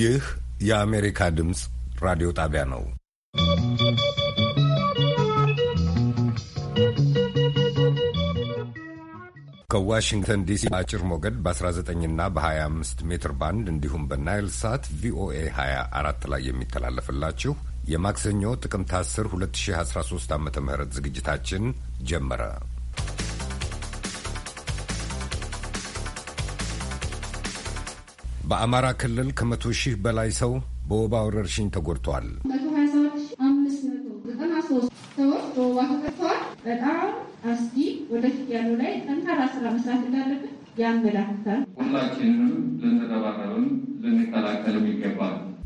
ይህ የአሜሪካ ድምፅ ራዲዮ ጣቢያ ነው። ከዋሽንግተን ዲሲ አጭር ሞገድ በ19 እና በ25 ሜትር ባንድ እንዲሁም በናይል ሳት ቪኦኤ 24 ላይ የሚተላለፍላችሁ የማክሰኞ ጥቅምት 10 2013 ዓ ም ዝግጅታችን ጀመረ። በአማራ ክልል ከመቶ ሺህ በላይ ሰው በወባ ወረርሽኝ ተጎድተዋል።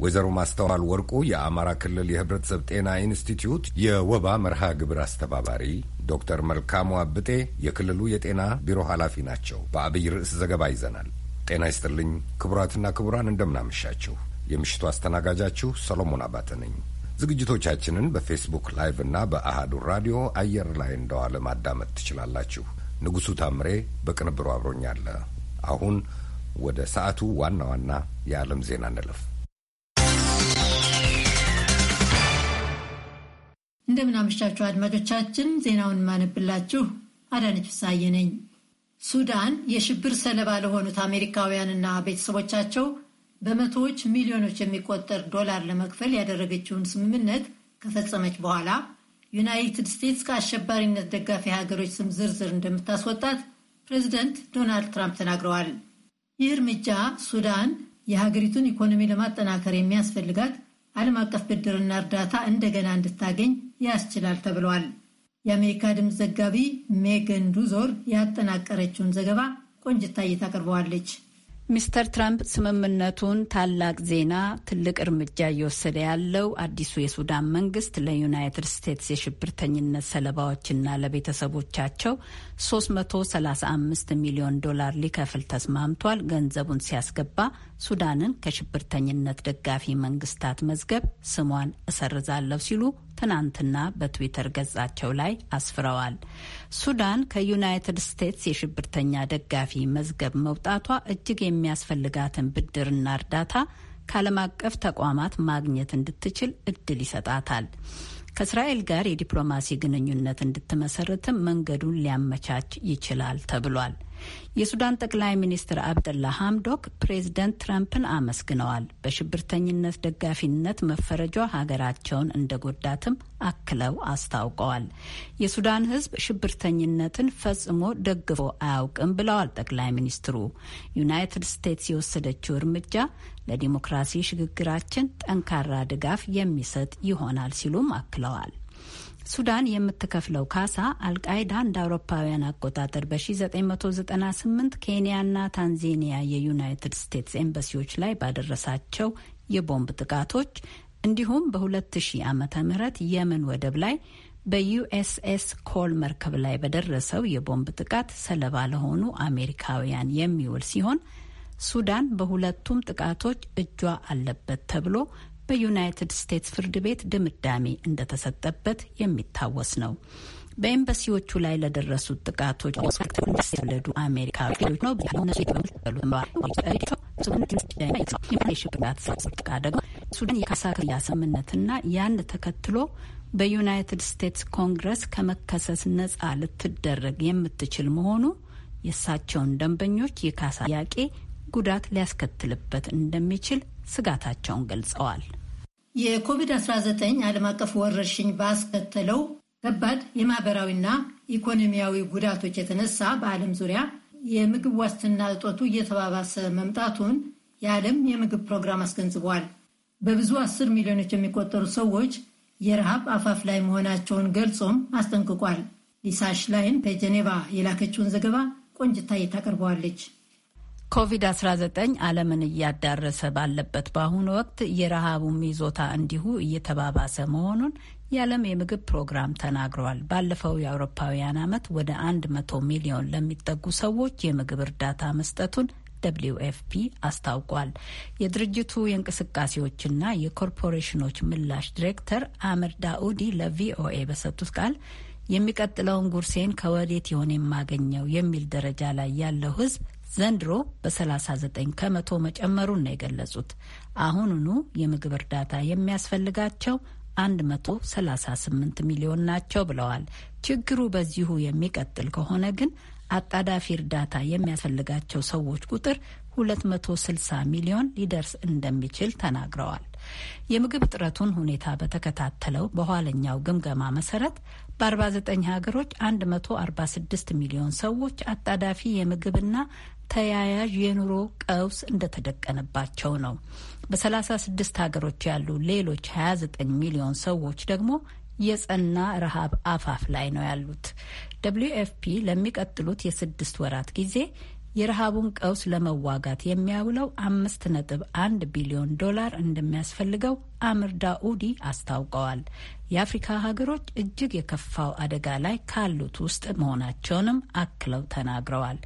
ወይዘሮ ማስተዋል ወርቁ የአማራ ክልል የህብረተሰብ ጤና ኢንስቲትዩት የወባ መርሃ ግብር አስተባባሪ፣ ዶክተር መልካሙ አብጤ የክልሉ የጤና ቢሮ ኃላፊ ናቸው። በአብይ ርዕስ ዘገባ ይዘናል። ጤና ይስጥልኝ ክቡራትና ክቡራን፣ እንደምናመሻችሁ። የምሽቱ አስተናጋጃችሁ ሰሎሞን አባተ ነኝ። ዝግጅቶቻችንን በፌስቡክ ላይቭ እና በአሃዱ ራዲዮ አየር ላይ እንደዋለ ማዳመጥ ትችላላችሁ። ንጉሡ ታምሬ በቅንብሩ አብሮኛለ። አሁን ወደ ሰዓቱ ዋና ዋና የዓለም ዜና እንለፍ። እንደምናመሻችሁ አድማጮቻችን፣ ዜናውን ማነብላችሁ አዳነች ፍሳዬ ነኝ። ሱዳን የሽብር ሰለባ ለሆኑት አሜሪካውያንና ቤተሰቦቻቸው በመቶዎች ሚሊዮኖች የሚቆጠር ዶላር ለመክፈል ያደረገችውን ስምምነት ከፈጸመች በኋላ ዩናይትድ ስቴትስ ከአሸባሪነት ደጋፊ ሀገሮች ስም ዝርዝር እንደምታስወጣት ፕሬዚደንት ዶናልድ ትራምፕ ተናግረዋል። ይህ እርምጃ ሱዳን የሀገሪቱን ኢኮኖሚ ለማጠናከር የሚያስፈልጋት ዓለም አቀፍ ብድርና እርዳታ እንደገና እንድታገኝ ያስችላል ተብሏል። የአሜሪካ ድምፅ ዘጋቢ ሜገን ዱዞር ያጠናቀረችውን ዘገባ ቆንጅታዬ ታቀርበዋለች። ሚስተር ትራምፕ ስምምነቱን ታላቅ ዜና፣ ትልቅ እርምጃ እየወሰደ ያለው አዲሱ የሱዳን መንግስት ለዩናይትድ ስቴትስ የሽብርተኝነት ሰለባዎችና ለቤተሰቦቻቸው 335 ሚሊዮን ዶላር ሊከፍል ተስማምቷል። ገንዘቡን ሲያስገባ ሱዳንን ከሽብርተኝነት ደጋፊ መንግስታት መዝገብ ስሟን እሰርዛለሁ ሲሉ ትናንትና በትዊተር ገጻቸው ላይ አስፍረዋል። ሱዳን ከዩናይትድ ስቴትስ የሽብርተኛ ደጋፊ መዝገብ መውጣቷ እጅግ የሚያስፈልጋትን ብድርና እርዳታ ከዓለም አቀፍ ተቋማት ማግኘት እንድትችል እድል ይሰጣታል። ከእስራኤል ጋር የዲፕሎማሲ ግንኙነት እንድትመሰርትም መንገዱን ሊያመቻች ይችላል ተብሏል። የሱዳን ጠቅላይ ሚኒስትር አብደላ ሀምዶክ ፕሬዝደንት ትራምፕን አመስግነዋል። በሽብርተኝነት ደጋፊነት መፈረጇ ሀገራቸውን እንደጎዳትም አክለው አስታውቀዋል። የሱዳን ሕዝብ ሽብርተኝነትን ፈጽሞ ደግፎ አያውቅም ብለዋል ጠቅላይ ሚኒስትሩ። ዩናይትድ ስቴትስ የወሰደችው እርምጃ ለዲሞክራሲ ሽግግራችን ጠንካራ ድጋፍ የሚሰጥ ይሆናል ሲሉም አክለዋል። ሱዳን የምትከፍለው ካሳ አልቃይዳ እንደ አውሮፓውያን አቆጣጠር በ1998 ኬንያና ታንዜኒያ የዩናይትድ ስቴትስ ኤምባሲዎች ላይ ባደረሳቸው የቦምብ ጥቃቶች እንዲሁም በ2000 ዓመተ ምህረት የመን ወደብ ላይ በዩኤስኤስ ኮል መርከብ ላይ በደረሰው የቦምብ ጥቃት ሰለባ ለሆኑ አሜሪካውያን የሚውል ሲሆን ሱዳን በሁለቱም ጥቃቶች እጇ አለበት ተብሎ በዩናይትድ ስቴትስ ፍርድ ቤት ድምዳሜ እንደተሰጠበት የሚታወስ ነው። በኤምባሲዎቹ ላይ ለደረሱት ጥቃቶች የተወለዱ አሜሪካዊ ነው ሱዳን የካሳ ክፍያ ስምምነትና ያን ተከትሎ በዩናይትድ ስቴትስ ኮንግረስ ከመከሰስ ነጻ ልትደረግ የምትችል መሆኑ የእሳቸውን ደንበኞች የካሳ ጥያቄ ጉዳት ሊያስከትልበት እንደሚችል ስጋታቸውን ገልጸዋል። የኮቪድ-19 ዓለም አቀፍ ወረርሽኝ ባስከተለው ከባድ የማህበራዊና ኢኮኖሚያዊ ጉዳቶች የተነሳ በዓለም ዙሪያ የምግብ ዋስትና እጦቱ እየተባባሰ መምጣቱን የዓለም የምግብ ፕሮግራም አስገንዝቧል። በብዙ አስር ሚሊዮኖች የሚቆጠሩ ሰዎች የረሃብ አፋፍ ላይ መሆናቸውን ገልጾም አስጠንቅቋል። ሊሳ ሽላይን ከጀኔቫ የላከችውን ዘገባ ቆንጅታ ታቀርበዋለች። ኮቪድ-19 ዓለምን እያዳረሰ ባለበት በአሁኑ ወቅት የረሃቡም ይዞታ እንዲሁ እየተባባሰ መሆኑን የዓለም የምግብ ፕሮግራም ተናግረዋል። ባለፈው የአውሮፓውያን ዓመት ወደ 100 መቶ ሚሊዮን ለሚጠጉ ሰዎች የምግብ እርዳታ መስጠቱን ደብሊው ኤፍፒ አስታውቋል። የድርጅቱ የእንቅስቃሴዎችና የኮርፖሬሽኖች ምላሽ ዲሬክተር አምር ዳኡዲ ለቪኦኤ በሰጡት ቃል የሚቀጥለውን ጉርሴን ከወዴት ይሆን የማገኘው የሚል ደረጃ ላይ ያለው ህዝብ ዘንድሮ በ39 ከመቶ መጨመሩን ነው የገለጹት። አሁኑኑ የምግብ እርዳታ የሚያስፈልጋቸው 138 ሚሊዮን ናቸው ብለዋል። ችግሩ በዚሁ የሚቀጥል ከሆነ ግን አጣዳፊ እርዳታ የሚያስፈልጋቸው ሰዎች ቁጥር 260 ሚሊዮን ሊደርስ እንደሚችል ተናግረዋል። የምግብ እጥረቱን ሁኔታ በተከታተለው በኋለኛው ግምገማ መሰረት በ49 ሀገሮች 146 ሚሊዮን ሰዎች አጣዳፊ የምግብና ተያያዥ የኑሮ ቀውስ እንደተደቀነባቸው ነው። በ36 ሀገሮች ያሉ ሌሎች 29 ሚሊዮን ሰዎች ደግሞ የጸና ረሃብ አፋፍ ላይ ነው ያሉት። ደብሊዩ ኤፍፒ ለሚቀጥሉት የስድስት ወራት ጊዜ የረሃቡን ቀውስ ለመዋጋት የሚያውለው አምስት ነጥብ አንድ ቢሊዮን ዶላር እንደሚያስፈልገው አምር ዳኡዲ አስታውቀዋል። የአፍሪካ ሀገሮች እጅግ የከፋው አደጋ ላይ ካሉት ውስጥ መሆናቸውንም አክለው ተናግረዋል።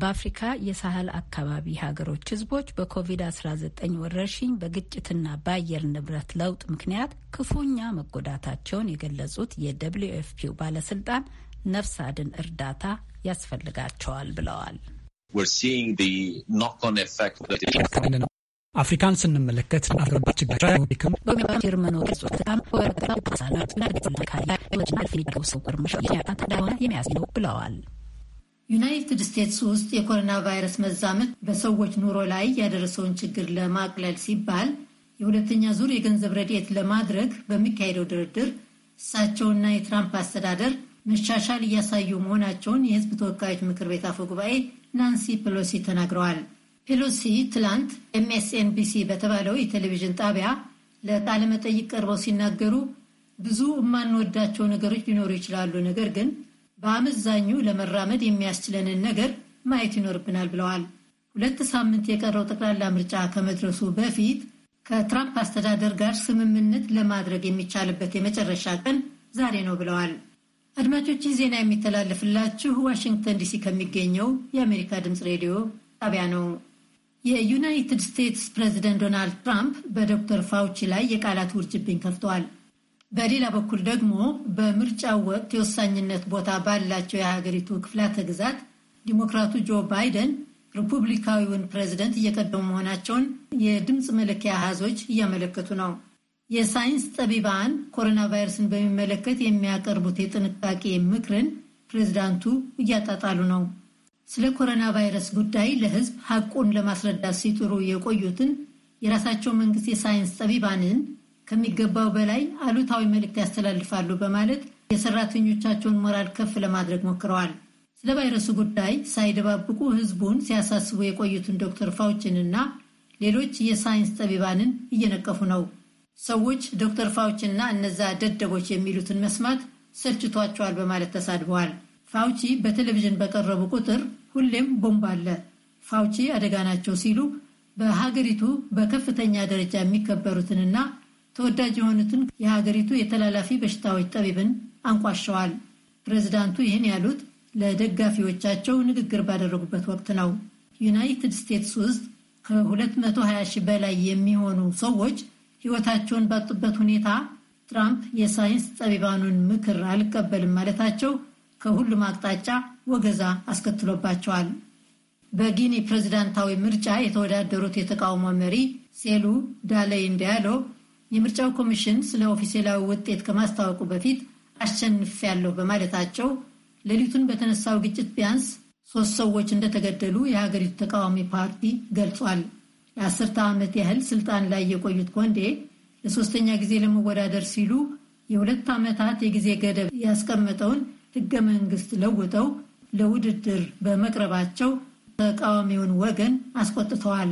በአፍሪካ የሳህል አካባቢ ሀገሮች ህዝቦች በኮቪድ-19 ወረርሽኝ በግጭትና በአየር ንብረት ለውጥ ምክንያት ክፉኛ መጎዳታቸውን የገለጹት የደብሊዩ ኤፍ ፒው ባለስልጣን ነፍስ አድን እርዳታ ያስፈልጋቸዋል ብለዋል። አፍሪካን ስንመለከት ብለዋል። ዩናይትድ ስቴትስ ውስጥ የኮሮና ቫይረስ መዛመት በሰዎች ኑሮ ላይ ያደረሰውን ችግር ለማቅለል ሲባል የሁለተኛ ዙር የገንዘብ ረድኤት ለማድረግ በሚካሄደው ድርድር እሳቸውና የትራምፕ አስተዳደር መሻሻል እያሳዩ መሆናቸውን የሕዝብ ተወካዮች ምክር ቤት አፈ ጉባኤ ናንሲ ፔሎሲ ተናግረዋል። ፔሎሲ ትላንት ኤምኤስኤንቢሲ በተባለው የቴሌቪዥን ጣቢያ ለቃለ መጠይቅ ቀርበው ሲናገሩ ብዙ የማንወዳቸው ነገሮች ሊኖሩ ይችላሉ፣ ነገር ግን በአመዛኙ ለመራመድ የሚያስችለንን ነገር ማየት ይኖርብናል ብለዋል። ሁለት ሳምንት የቀረው ጠቅላላ ምርጫ ከመድረሱ በፊት ከትራምፕ አስተዳደር ጋር ስምምነት ለማድረግ የሚቻልበት የመጨረሻ ቀን ዛሬ ነው ብለዋል። አድማጮች ዜና የሚተላለፍላችሁ ዋሽንግተን ዲሲ ከሚገኘው የአሜሪካ ድምፅ ሬዲዮ ጣቢያ ነው። የዩናይትድ ስቴትስ ፕሬዚደንት ዶናልድ ትራምፕ በዶክተር ፋውቺ ላይ የቃላት ውርጅብኝ ከፍተዋል። በሌላ በኩል ደግሞ በምርጫው ወቅት የወሳኝነት ቦታ ባላቸው የሀገሪቱ ክፍላተ ግዛት ዲሞክራቱ ጆ ባይደን ሪፑብሊካዊውን ፕሬዚደንት እየቀደሙ መሆናቸውን የድምፅ መለኪያ አሃዞች እያመለከቱ ነው። የሳይንስ ጠቢባን ኮሮና ቫይረስን በሚመለከት የሚያቀርቡት የጥንቃቄ ምክርን ፕሬዚዳንቱ እያጣጣሉ ነው። ስለ ኮሮና ቫይረስ ጉዳይ ለሕዝብ ሐቁን ለማስረዳት ሲጥሩ የቆዩትን የራሳቸው መንግስት የሳይንስ ጠቢባንን ከሚገባው በላይ አሉታዊ መልእክት ያስተላልፋሉ በማለት የሰራተኞቻቸውን ሞራል ከፍ ለማድረግ ሞክረዋል። ስለ ቫይረሱ ጉዳይ ሳይደባብቁ ሕዝቡን ሲያሳስቡ የቆዩትን ዶክተር ፋውችን እና ሌሎች የሳይንስ ጠቢባንን እየነቀፉ ነው። ሰዎች ዶክተር ፋውችንና እነዛ ደደቦች የሚሉትን መስማት ሰልችቷቸዋል በማለት ተሳድበዋል። ፋውቺ በቴሌቪዥን በቀረቡ ቁጥር ሁሌም ቦምብ አለ፣ ፋውቺ አደጋ ናቸው ሲሉ በሀገሪቱ በከፍተኛ ደረጃ የሚከበሩትንና ተወዳጅ የሆኑትን የሀገሪቱ የተላላፊ በሽታዎች ጠቢብን አንቋሸዋል። ፕሬዚዳንቱ ይህን ያሉት ለደጋፊዎቻቸው ንግግር ባደረጉበት ወቅት ነው። ዩናይትድ ስቴትስ ውስጥ ከ220 ሺህ በላይ የሚሆኑ ሰዎች ሕይወታቸውን ባጡበት ሁኔታ ትራምፕ የሳይንስ ጠቢባኑን ምክር አልቀበልም ማለታቸው ከሁሉም አቅጣጫ ወገዛ አስከትሎባቸዋል። በጊኒ ፕሬዚዳንታዊ ምርጫ የተወዳደሩት የተቃውሞ መሪ ሴሉ ዳለይ እንዲያለው የምርጫው ኮሚሽን ስለ ኦፊሴላዊ ውጤት ከማስታወቁ በፊት አሸንፍ ያለሁ በማለታቸው ሌሊቱን በተነሳው ግጭት ቢያንስ ሶስት ሰዎች እንደተገደሉ የሀገሪቱ ተቃዋሚ ፓርቲ ገልጿል። የአስርተ ዓመት ያህል ስልጣን ላይ የቆዩት ኮንዴ ለሶስተኛ ጊዜ ለመወዳደር ሲሉ የሁለት ዓመታት የጊዜ ገደብ ያስቀመጠውን ህገ መንግስት ለውጠው ለውድድር በመቅረባቸው ተቃዋሚውን ወገን አስቆጥተዋል።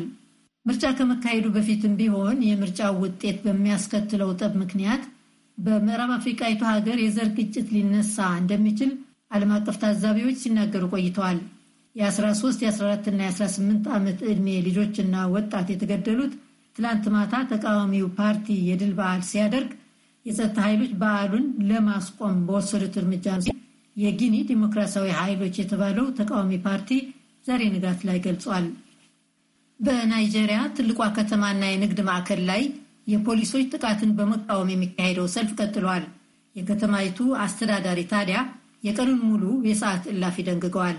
ምርጫ ከመካሄዱ በፊትም ቢሆን የምርጫው ውጤት በሚያስከትለው ጠብ ምክንያት በምዕራብ አፍሪቃዊቱ ሀገር የዘር ግጭት ሊነሳ እንደሚችል ዓለም አቀፍ ታዛቢዎች ሲናገሩ ቆይተዋል። የ13 የ14ና የ18 ዓመት ዕድሜ ልጆችና ወጣት የተገደሉት ትላንት ማታ ተቃዋሚው ፓርቲ የድል በዓል ሲያደርግ የጸጥታ ኃይሎች በዓሉን ለማስቆም በወሰዱት እርምጃ የጊኒ ዲሞክራሲያዊ ኃይሎች የተባለው ተቃዋሚ ፓርቲ ዛሬ ንጋት ላይ ገልጿል። በናይጄሪያ ትልቋ ከተማና የንግድ ማዕከል ላይ የፖሊሶች ጥቃትን በመቃወም የሚካሄደው ሰልፍ ቀጥሏል። የከተማይቱ አስተዳዳሪ ታዲያ የቀኑን ሙሉ የሰዓት እላፊ ደንግገዋል።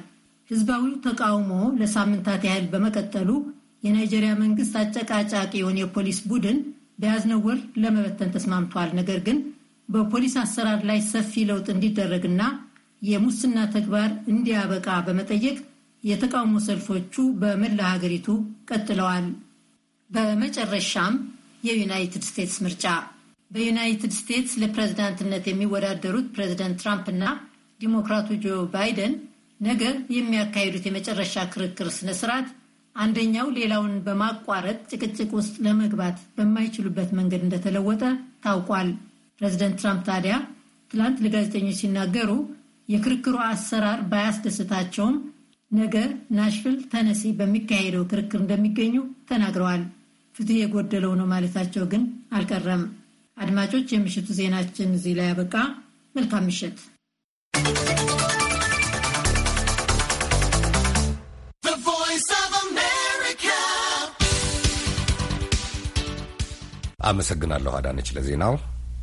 ህዝባዊው ተቃውሞ ለሳምንታት ያህል በመቀጠሉ የናይጄሪያ መንግስት አጨቃጫቂውን የፖሊስ ቡድን በያዝነው ወር ለመበተን ተስማምቷል። ነገር ግን በፖሊስ አሰራር ላይ ሰፊ ለውጥ እንዲደረግና የሙስና ተግባር እንዲያበቃ በመጠየቅ የተቃውሞ ሰልፎቹ በመላ ሀገሪቱ ቀጥለዋል። በመጨረሻም የዩናይትድ ስቴትስ ምርጫ በዩናይትድ ስቴትስ ለፕሬዝዳንትነት የሚወዳደሩት ፕሬዝደንት ትራምፕ እና ዲሞክራቱ ጆ ባይደን ነገ የሚያካሂዱት የመጨረሻ ክርክር ስነስርዓት አንደኛው ሌላውን በማቋረጥ ጭቅጭቅ ውስጥ ለመግባት በማይችሉበት መንገድ እንደተለወጠ ታውቋል። ፕሬዚደንት ትራምፕ ታዲያ ትላንት ለጋዜጠኞች ሲናገሩ የክርክሩ አሰራር ባያስደስታቸውም ነገ ናሽቪል ተነሲ በሚካሄደው ክርክር እንደሚገኙ ተናግረዋል። ፍትህ የጎደለው ነው ማለታቸው ግን አልቀረም። አድማጮች፣ የምሽቱ ዜናችን እዚህ ላይ ያበቃ። መልካም ምሽት። አመሰግናለሁ አዳነች ለዜናው።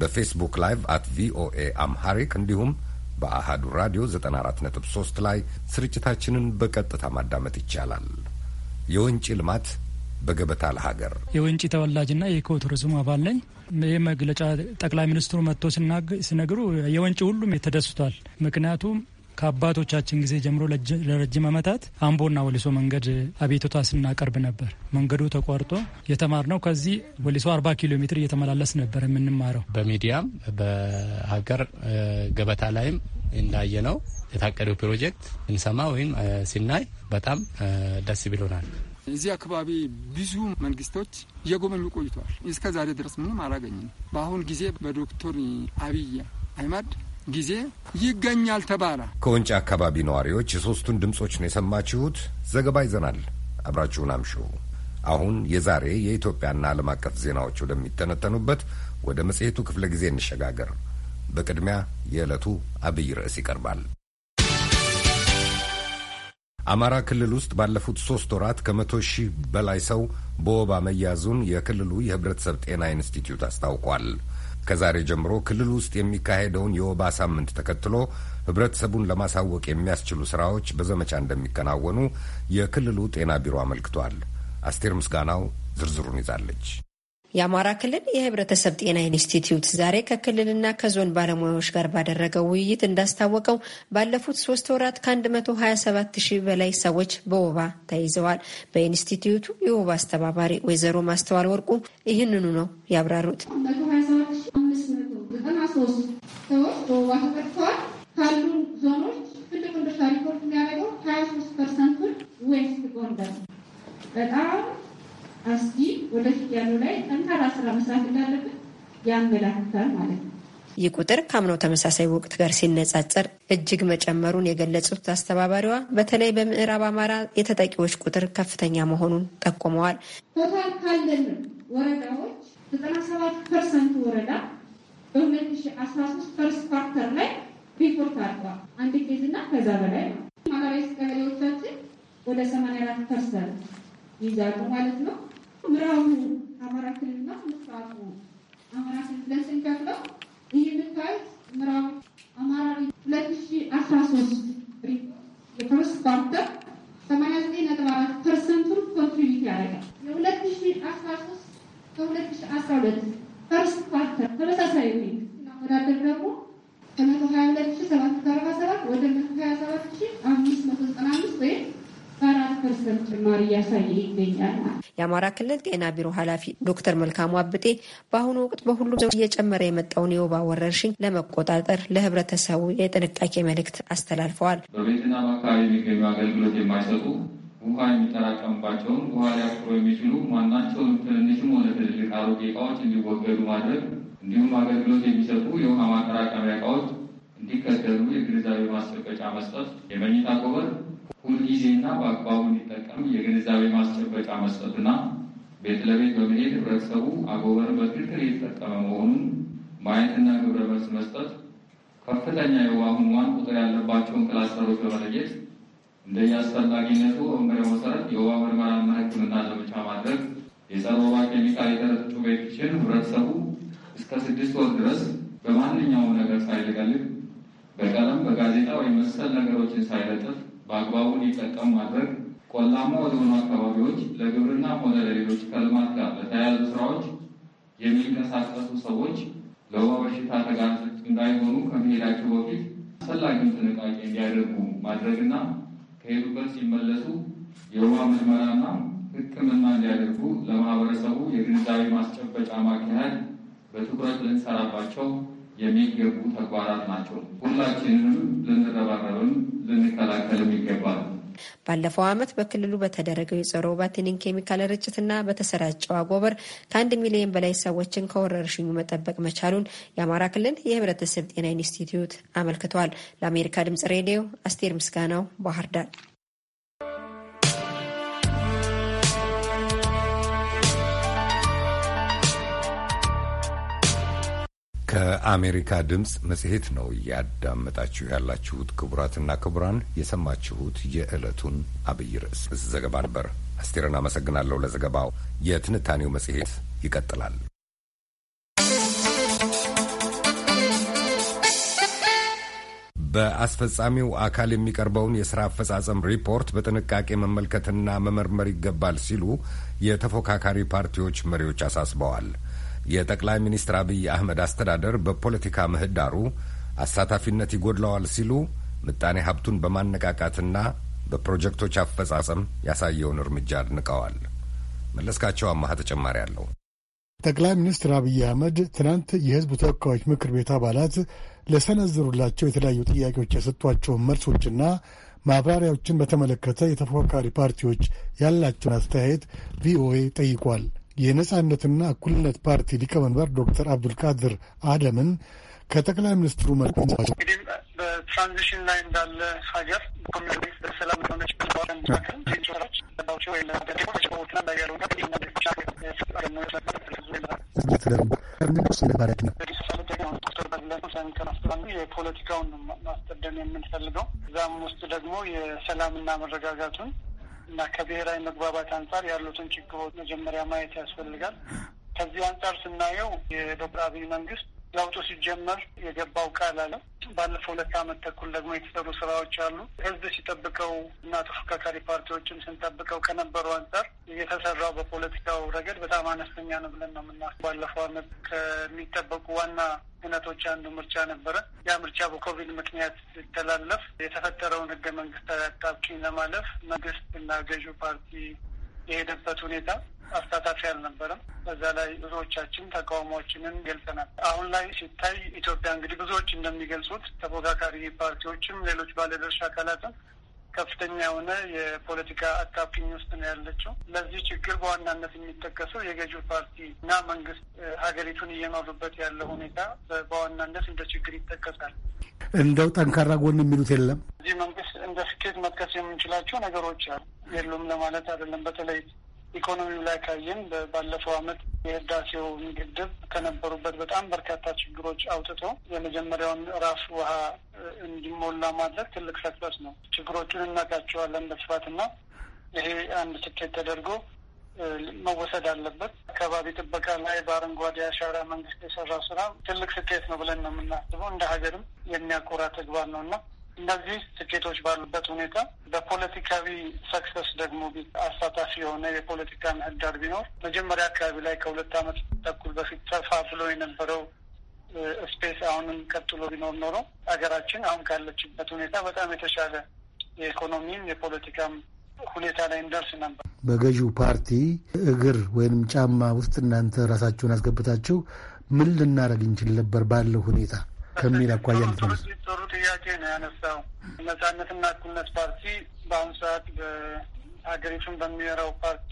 በፌስቡክ ላይቭ አት ቪኦኤ አምሃሪክ እንዲሁም በአሃዱ ራዲዮ 94.3 ላይ ስርጭታችንን በቀጥታ ማዳመጥ ይቻላል። የወንጪ ልማት በገበታ ለሀገር የወንጪ ተወላጅና የኢኮ አባል ነኝ። ይህ መግለጫ ጠቅላይ ሚኒስትሩ መጥቶ ሲነግሩ የወንጪ ሁሉም ተደስቷል። ምክንያቱም ከአባቶቻችን ጊዜ ጀምሮ ለረጅም ዓመታት አምቦና ወሊሶ መንገድ አቤቱታ ስናቀርብ ነበር። መንገዱ ተቋርጦ የተማርነው ከዚህ ወሊሶ አርባ ኪሎ ሜትር እየተመላለስ ነበር የምንማረው። በሚዲያም በሀገር ገበታ ላይም እንዳየ ነው የታቀደው ፕሮጀክት እንሰማ ወይም ሲናይ በጣም ደስ ብሎናል። እዚህ አካባቢ ብዙ መንግስቶች እየጎበኙ ቆይተዋል። እስከ ዛሬ ድረስ ምንም አላገኝም። በአሁን ጊዜ በዶክተር አብይ አህመድ ጊዜ ይገኛል ተባለ። ከወንጭ አካባቢ ነዋሪዎች የሦስቱን ድምፆች ነው የሰማችሁት። ዘገባ ይዘናል። አብራችሁን አምሹ። አሁን የዛሬ የኢትዮጵያና ዓለም አቀፍ ዜናዎች ወደሚተነተኑበት ወደ መጽሔቱ ክፍለ ጊዜ እንሸጋገር። በቅድሚያ የዕለቱ አብይ ርዕስ ይቀርባል። አማራ ክልል ውስጥ ባለፉት ሶስት ወራት ከመቶ ሺህ በላይ ሰው በወባ መያዙን የክልሉ የህብረተሰብ ጤና ኢንስቲትዩት አስታውቋል። ከዛሬ ጀምሮ ክልል ውስጥ የሚካሄደውን የወባ ሳምንት ተከትሎ ህብረተሰቡን ለማሳወቅ የሚያስችሉ ስራዎች በዘመቻ እንደሚከናወኑ የክልሉ ጤና ቢሮ አመልክቷል። አስቴር ምስጋናው ዝርዝሩን ይዛለች። የአማራ ክልል የህብረተሰብ ጤና ኢንስቲትዩት ዛሬ ከክልልና ከዞን ባለሙያዎች ጋር ባደረገው ውይይት እንዳስታወቀው ባለፉት ሶስት ወራት ከ127 ሺህ በላይ ሰዎች በወባ ተይዘዋል። በኢንስቲትዩቱ የወባ አስተባባሪ ወይዘሮ ማስተዋል ወርቁ ይህንኑ ነው ያብራሩት። ሰዎች በወባ ካሉ ዞኖች ትልቁን ድርሻ ሪፖርት የሚያደርገው ፐርሰንቱን ዌስት ጎንደር በጣም አስጊ ወደፊት ያሉ ላይ ጠንካራ ስራ መስራት እንዳለብን ያመላክታል ማለት ነው። ይህ ቁጥር ከአምናው ተመሳሳይ ወቅት ጋር ሲነጻጸር እጅግ መጨመሩን የገለጹት አስተባባሪዋ በተለይ በምዕራብ አማራ የተጠቂዎች ቁጥር ከፍተኛ መሆኑን ጠቁመዋል። ቶታል ካለን ወረዳዎች ዘጠና ሰባት ፐርሰንት ወረዳ በሁለት ሺ አስራ ሶስት ፈርስት ኳርተር ላይ ሪፖርት አድርጓል። አንድ ኬዝ እና ከዛ በላይ ነው። ማህበራዊ ቀበሌዎቻችን ወደ ሰማንያ አራት ፐርሰንት ይዛሉ ማለት ነው። ምዕራቡ አማራ ክልልና ምስራቁ አማራ ክልል ብለን ስንከፍለው ይህንን ታይት ምዕራቡ አማራ ሁለት ሺ አስራ ሶስት የፈርስት ኳርተር ሰማንያ ዘጠኝ ነጥብ አራት ፐርሰንቱን ኮንትሪቢዩት ያደርጋል። የሁለት ሺ አስራ ሶስት ከሁለት ሺ አስራ ሁለት ፈርስት ኳርተር ተመሳሳይ ወይ ስናወዳደር ደግሞ ከመቶ ሀያ ሁለት ሺ ሰባት መቶ አርባ ሰባት ወደ መቶ ሀያ ሰባት ሺ አምስት መቶ ዘጠና አምስት ወይም ከአራት ፐርሰንት ጭማሪ እያሳየ ይገኛል። የአማራ ክልል ጤና ቢሮ ኃላፊ ዶክተር መልካሙ አብጤ በአሁኑ ወቅት በሁሉም ዘው እየጨመረ የመጣውን የወባ ወረርሽኝ ለመቆጣጠር ለህብረተሰቡ የጥንቃቄ መልእክት አስተላልፈዋል። በቤትና በአካባቢ የሚገኙ አገልግሎት የማይሰጡ ውሃ የሚጠራቀምባቸውን ውሃ ሊያፍሩ የሚችሉ ማናቸውም ትንንሽም ሆነ ትልልቅ አሮጌ እቃዎች እንዲወገዱ ማድረግ እንዲሁም አገልግሎት የሚሰጡ የውሃ ማጠራቀሚያ እቃዎች እንዲከተሉ የግንዛቤ ማስጨበጫ መስጠት፣ የመኝታ ኮበር ሁልጊዜና በአግባቡ እንዲጠቀም የግንዛቤ ማስጨበጫ መስጠትና ቤት ለቤት በመሄድ ህብረተሰቡ አጎበር በትክክል እየተጠቀመ መሆኑን ማየትና ግብረ መልስ መስጠት፣ ከፍተኛ የውሃ ሕሙማን ቁጥር ያለባቸውን ክላስተሮች በመለየት እንደየአስፈላጊነቱ በመመሪያው መሰረት የውሃ ምርመራና ሕክምና ዘመቻ ማድረግ፣ የጸረ ወባ ኬሚካል የተረጩ ቤቶችን ህብረተሰቡ እስከ ስድስት ወር ድረስ በማንኛውም ነገር ሳይለቀልቅ በቀለም በጋዜጣ ወይም መሰል ነገሮችን ሳይለጥፍ በአግባቡ እንዲጠቀሙ ማድረግ፣ ቆላማ ወደሆኑ አካባቢዎች ለግብርና ሆነ ለሌሎች ከልማት ጋር ለተያያዙ ስራዎች የሚንቀሳቀሱ ሰዎች ለወባ በሽታ ተጋላጭ እንዳይሆኑ ከመሄዳቸው በፊት አስፈላጊውን ጥንቃቄ እንዲያደርጉ ማድረግና ከሄዱበት ሲመለሱ የወባ ምርመራና ሕክምና እንዲያደርጉ ለማህበረሰቡ የግንዛቤ ማስጨበጫ ማካሄድ በትኩረት ልንሰራባቸው የሚገቡ ተግባራት ናቸው። ሁላችንንም ልንረባረብም ልንከላከልም ይገባል። ባለፈው ዓመት በክልሉ በተደረገው የጸረ ወባ ትንኝ ኬሚካል ርጭትና በተሰራጨው አጎበር ከአንድ ሚሊዮን በላይ ሰዎችን ከወረርሽኙ መጠበቅ መቻሉን የአማራ ክልል የሕብረተሰብ ጤና ኢንስቲትዩት አመልክቷል። ለአሜሪካ ድምጽ ሬዲዮ አስቴር ምስጋናው ባህር ዳር ከአሜሪካ ድምፅ መጽሔት ነው እያዳመጣችሁ ያላችሁት። ክቡራትና ክቡራን የሰማችሁት የዕለቱን አብይ ርዕስ ዘገባ ነበር። አስቴርን አመሰግናለሁ ለዘገባው። የትንታኔው መጽሔት ይቀጥላል። በአስፈጻሚው አካል የሚቀርበውን የሥራ አፈጻጸም ሪፖርት በጥንቃቄ መመልከትና መመርመር ይገባል ሲሉ የተፎካካሪ ፓርቲዎች መሪዎች አሳስበዋል። የጠቅላይ ሚኒስትር አብይ አህመድ አስተዳደር በፖለቲካ ምህዳሩ አሳታፊነት ይጎድለዋል ሲሉ ምጣኔ ሀብቱን በማነቃቃትና በፕሮጀክቶች አፈጻጸም ያሳየውን እርምጃ አድንቀዋል። መለስካቸው አማሃ ተጨማሪ አለው። ጠቅላይ ሚኒስትር አብይ አህመድ ትናንት የህዝብ ተወካዮች ምክር ቤት አባላት ለሰነዘሩላቸው የተለያዩ ጥያቄዎች የሰጧቸውን መልሶችና ማብራሪያዎችን በተመለከተ የተፎካካሪ ፓርቲዎች ያላቸውን አስተያየት ቪኦኤ ጠይቋል። የነጻነትና እኩልነት ፓርቲ ሊቀመንበር ዶክተር አብዱልቃድር አደምን ከጠቅላይ ሚኒስትሩ መልእክት እንግዲህ በትራንዚሽን ላይ እንዳለ ሀገር ኮሚኒቲ ሰላም ሆነች የፖለቲካውን ማስቀደም የምንፈልገው እዛም ውስጥ ደግሞ የሰላምና መረጋጋቱን እና ከብሔራዊ መግባባት አንጻር ያሉትን ችግሮች መጀመሪያ ማየት ያስፈልጋል። ከዚህ አንጻር ስናየው የዶክተር አብይ መንግስት ለውጡ ሲጀመር የገባው ቃል አለ። ባለፈው ሁለት አመት ተኩል ደግሞ የተሰሩ ስራዎች አሉ። ህዝብ ሲጠብቀው እና ተፎካካሪ ፓርቲዎችም ስንጠብቀው ከነበሩ አንጻር እየተሰራው በፖለቲካው ረገድ በጣም አነስተኛ ነው ብለን ነው የምና ባለፈው አመት ከሚጠበቁ ዋና እነቶች አንዱ ምርጫ ነበረ። ያ ምርጫ በኮቪድ ምክንያት ሲተላለፍ የተፈጠረውን ህገ መንግስታዊ አጣብቂኝ ለማለፍ መንግስት እና ገዢው ፓርቲ የሄደበት ሁኔታ አሳታፊ አልነበረም። በዛ ላይ ብዙዎቻችን ተቃውሞዎችንን ገልጸናል። አሁን ላይ ሲታይ ኢትዮጵያ እንግዲህ ብዙዎች እንደሚገልጹት ተፎካካሪ ፓርቲዎችም ሌሎች ባለድርሻ አካላትም ከፍተኛ የሆነ የፖለቲካ አጣብቂኝ ውስጥ ነው ያለችው። ለዚህ ችግር በዋናነት የሚጠቀሰው የገዢው ፓርቲ እና መንግስት ሀገሪቱን እየመሩበት ያለው ሁኔታ በዋናነት እንደ ችግር ይጠቀሳል። እንደው ጠንካራ ጎን የሚሉት የለም። እዚህ መንግስት እንደ ስኬት መጥቀስ የምንችላቸው ነገሮች አሉ የሉም ለማለት አይደለም። በተለይ ኢኮኖሚው ላይ ካየን ባለፈው አመት የህዳሴውን ግድብ ከነበሩበት በጣም በርካታ ችግሮች አውጥቶ የመጀመሪያውን ራስ ውሃ እንዲሞላ ማድረግ ትልቅ ሰክሰስ ነው። ችግሮቹን እናውቃቸዋለን በስፋትና ይሄ አንድ ስኬት ተደርጎ መወሰድ አለበት። አካባቢ ጥበቃ ላይ በአረንጓዴ አሻራ መንግስት የሰራው ስራ ትልቅ ስኬት ነው ብለን ነው የምናስበው። እንደ ሀገርም የሚያኮራ ተግባር ነው እና እነዚህ ስኬቶች ባሉበት ሁኔታ በፖለቲካዊ ሰክሰስ ደግሞ አሳታፊ የሆነ የፖለቲካ ምህዳር ቢኖር መጀመሪያ አካባቢ ላይ ከሁለት ዓመት ተኩል በፊት ሰፋ ብሎ የነበረው ስፔስ አሁንም ቀጥሎ ቢኖር ኖሮ ሀገራችን አሁን ካለችበት ሁኔታ በጣም የተሻለ የኢኮኖሚም የፖለቲካም ሁኔታ ላይ እንደርስ ነበር። በገዢው ፓርቲ እግር ወይንም ጫማ ውስጥ እናንተ ራሳችሁን አስገብታችሁ ምን ልናደርግ እንችል ነበር ባለው ሁኔታ ከሚል አኳያ ጥሩ ጥሩ ጥያቄ ነው ያነሳው። ነጻነትና እኩልነት ፓርቲ በአሁኑ ሰዓት በሀገሪቱን በሚመራው ፓርቲ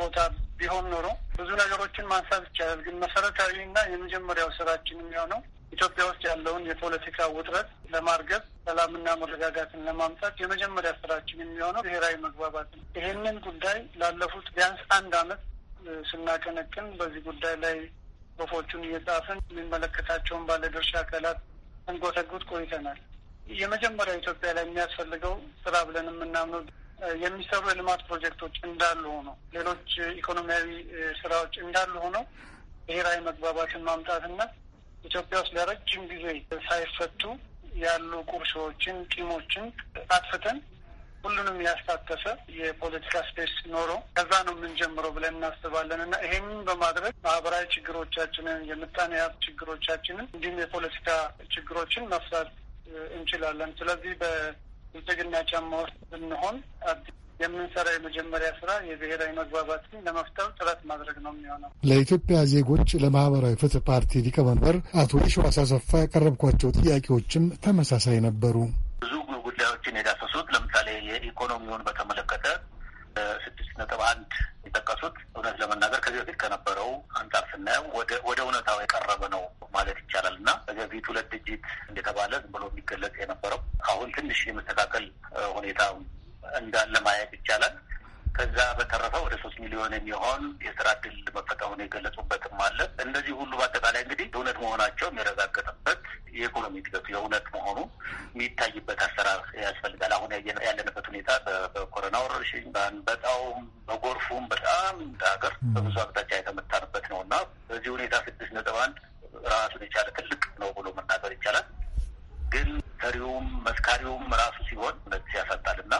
ቦታ ቢሆን ኖሮ ብዙ ነገሮችን ማንሳት ይቻላል። ግን መሰረታዊና የመጀመሪያው ስራችን የሚሆነው ኢትዮጵያ ውስጥ ያለውን የፖለቲካ ውጥረት ለማርገብ ሰላምና መረጋጋትን ለማምጣት የመጀመሪያ ስራችን የሚሆነው ብሔራዊ መግባባት ነው። ይሄንን ጉዳይ ላለፉት ቢያንስ አንድ አመት ስናቀነቅን በዚህ ጉዳይ ላይ ጽሁፎቹን እየጻፍን የሚመለከታቸውን ባለድርሻ አካላት እንጎተጉት ቆይተናል። የመጀመሪያ ኢትዮጵያ ላይ የሚያስፈልገው ስራ ብለን የምናምነው የሚሰሩ የልማት ፕሮጀክቶች እንዳሉ ሆነው ሌሎች ኢኮኖሚያዊ ስራዎች እንዳሉ ሆነው ብሔራዊ መግባባትን ማምጣትና ኢትዮጵያ ውስጥ ለረጅም ጊዜ ሳይፈቱ ያሉ ቁርሾዎችን፣ ቂሞችን አጥፍተን ሁሉንም ያሳተፈ የፖለቲካ ስፔስ ኖሮ ከዛ ነው የምንጀምረው ብለን እናስባለን እና ይሄንን በማድረግ ማህበራዊ ችግሮቻችንን የምጣኔ ሀብት ችግሮቻችንን እንዲሁም የፖለቲካ ችግሮችን መፍታት እንችላለን። ስለዚህ በብልጽግና ጫማ ውስጥ ብንሆን የምንሰራ የመጀመሪያ ስራ የብሔራዊ መግባባትን ለመፍጠር ጥረት ማድረግ ነው የሚሆነው። ለኢትዮጵያ ዜጎች ለማህበራዊ ፍትህ ፓርቲ ሊቀመንበር አቶ የሸዋስ አሰፋ ያቀረብኳቸው ጥያቄዎችም ተመሳሳይ ነበሩ። ብዙ ጉዳዮችን የዳሰሱት የኢኮኖሚውን በተመለከተ ስድስት ነጥብ አንድ የጠቀሱት እውነት ለመናገር ከዚህ በፊት ከነበረው አንጻር ስናየው ወደ እውነታው የቀረበ ነው ማለት ይቻላል እና ከዚህ በፊት ሁለት ድጅት እንደተባለ ዝም ብሎ የሚገለጽ የነበረው አሁን ትንሽ የመስተካከል ሁኔታ እንዳለ ማየት ይቻላል። ከዛ በተረፈ ወደ ሶስት ሚሊዮን የሚሆን የስራ እድል መፈጠሩን የገለጹበትም አለ። እነዚህ ሁሉ በአጠቃላይ እንግዲህ እውነት መሆናቸው የሚረጋገጥበት የኢኮኖሚ እድገቱ የእውነት መሆኑ የሚታይበት አሰራር ያስፈልጋል። አሁን ያለንበት ሁኔታ በኮሮና ወረርሽኝ፣ በአንበጣውም፣ በጎርፉም በጣም ሀገር በብዙ አቅጣጫ የተመታንበት ነው እና በዚህ ሁኔታ ስድስት ነጥብ አንድ ራሱን የቻለ ትልቅ ነው ብሎ መናገር ይቻላል ግን ሰሪውም መስካሪውም ራሱ ሲሆን ለዚህ ያሳጣል እና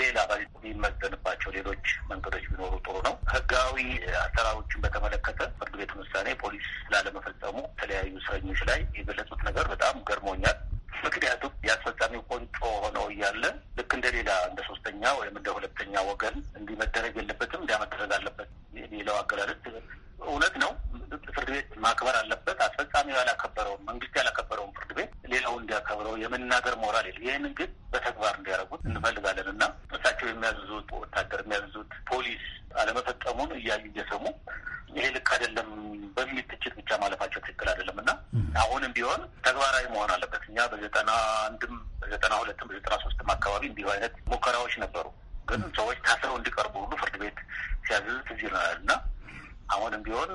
ሌላ የሚመዘንባቸው ሌሎች መንገዶች ቢኖሩ ጥሩ ነው። ህጋዊ አሰራሮችን በተመለከተ ፍርድ ቤቱን ውሳኔ ፖሊስ ስላለመፈጸሙ የተለያዩ እስረኞች ላይ የገለጹት ነገር በጣም ገርሞኛል። ምክንያቱም የአስፈጻሚው ቆንጮ ሆነው እያለ ልክ እንደ ሌላ እንደ ሶስተኛ ወይም እንደ ሁለተኛ ወገን እንዲህ መደረግ የለበትም እንዲያ መደረግ አለበት የሚለው አገላለጽ እውነት ነው። ፍርድ ቤት ማክበር አለበት። አስፈጻሚው ያላከበረውን መንግስት ያላከበረውን ፍርድ ቤት ሌላው እንዲያከብረው የመናገር ሞራል የለ። ይህንን ግን በተግባር እንዲያደርጉት እንፈልጋለን እና እሳቸው የሚያዝዙት ወታደር የሚያዝዙት ፖሊስ አለመፈጸሙን እያዩ እየሰሙ ይሄ ልክ አይደለም በሚል ትችት ብቻ ማለፋቸው ትክክል አይደለም እና አሁንም ቢሆን ተግባራዊ መሆን አለበት። እኛ በዘጠና አንድም በዘጠና ሁለትም በዘጠና ሶስትም አካባቢ እንዲሁ አይነት ሙከራዎች ነበሩ። ግን ሰዎች ታስረው እንዲቀርቡ ሁሉ ፍርድ ቤት ሲያዝዝ እዚህ ይሆናል እና አሁንም ቢሆን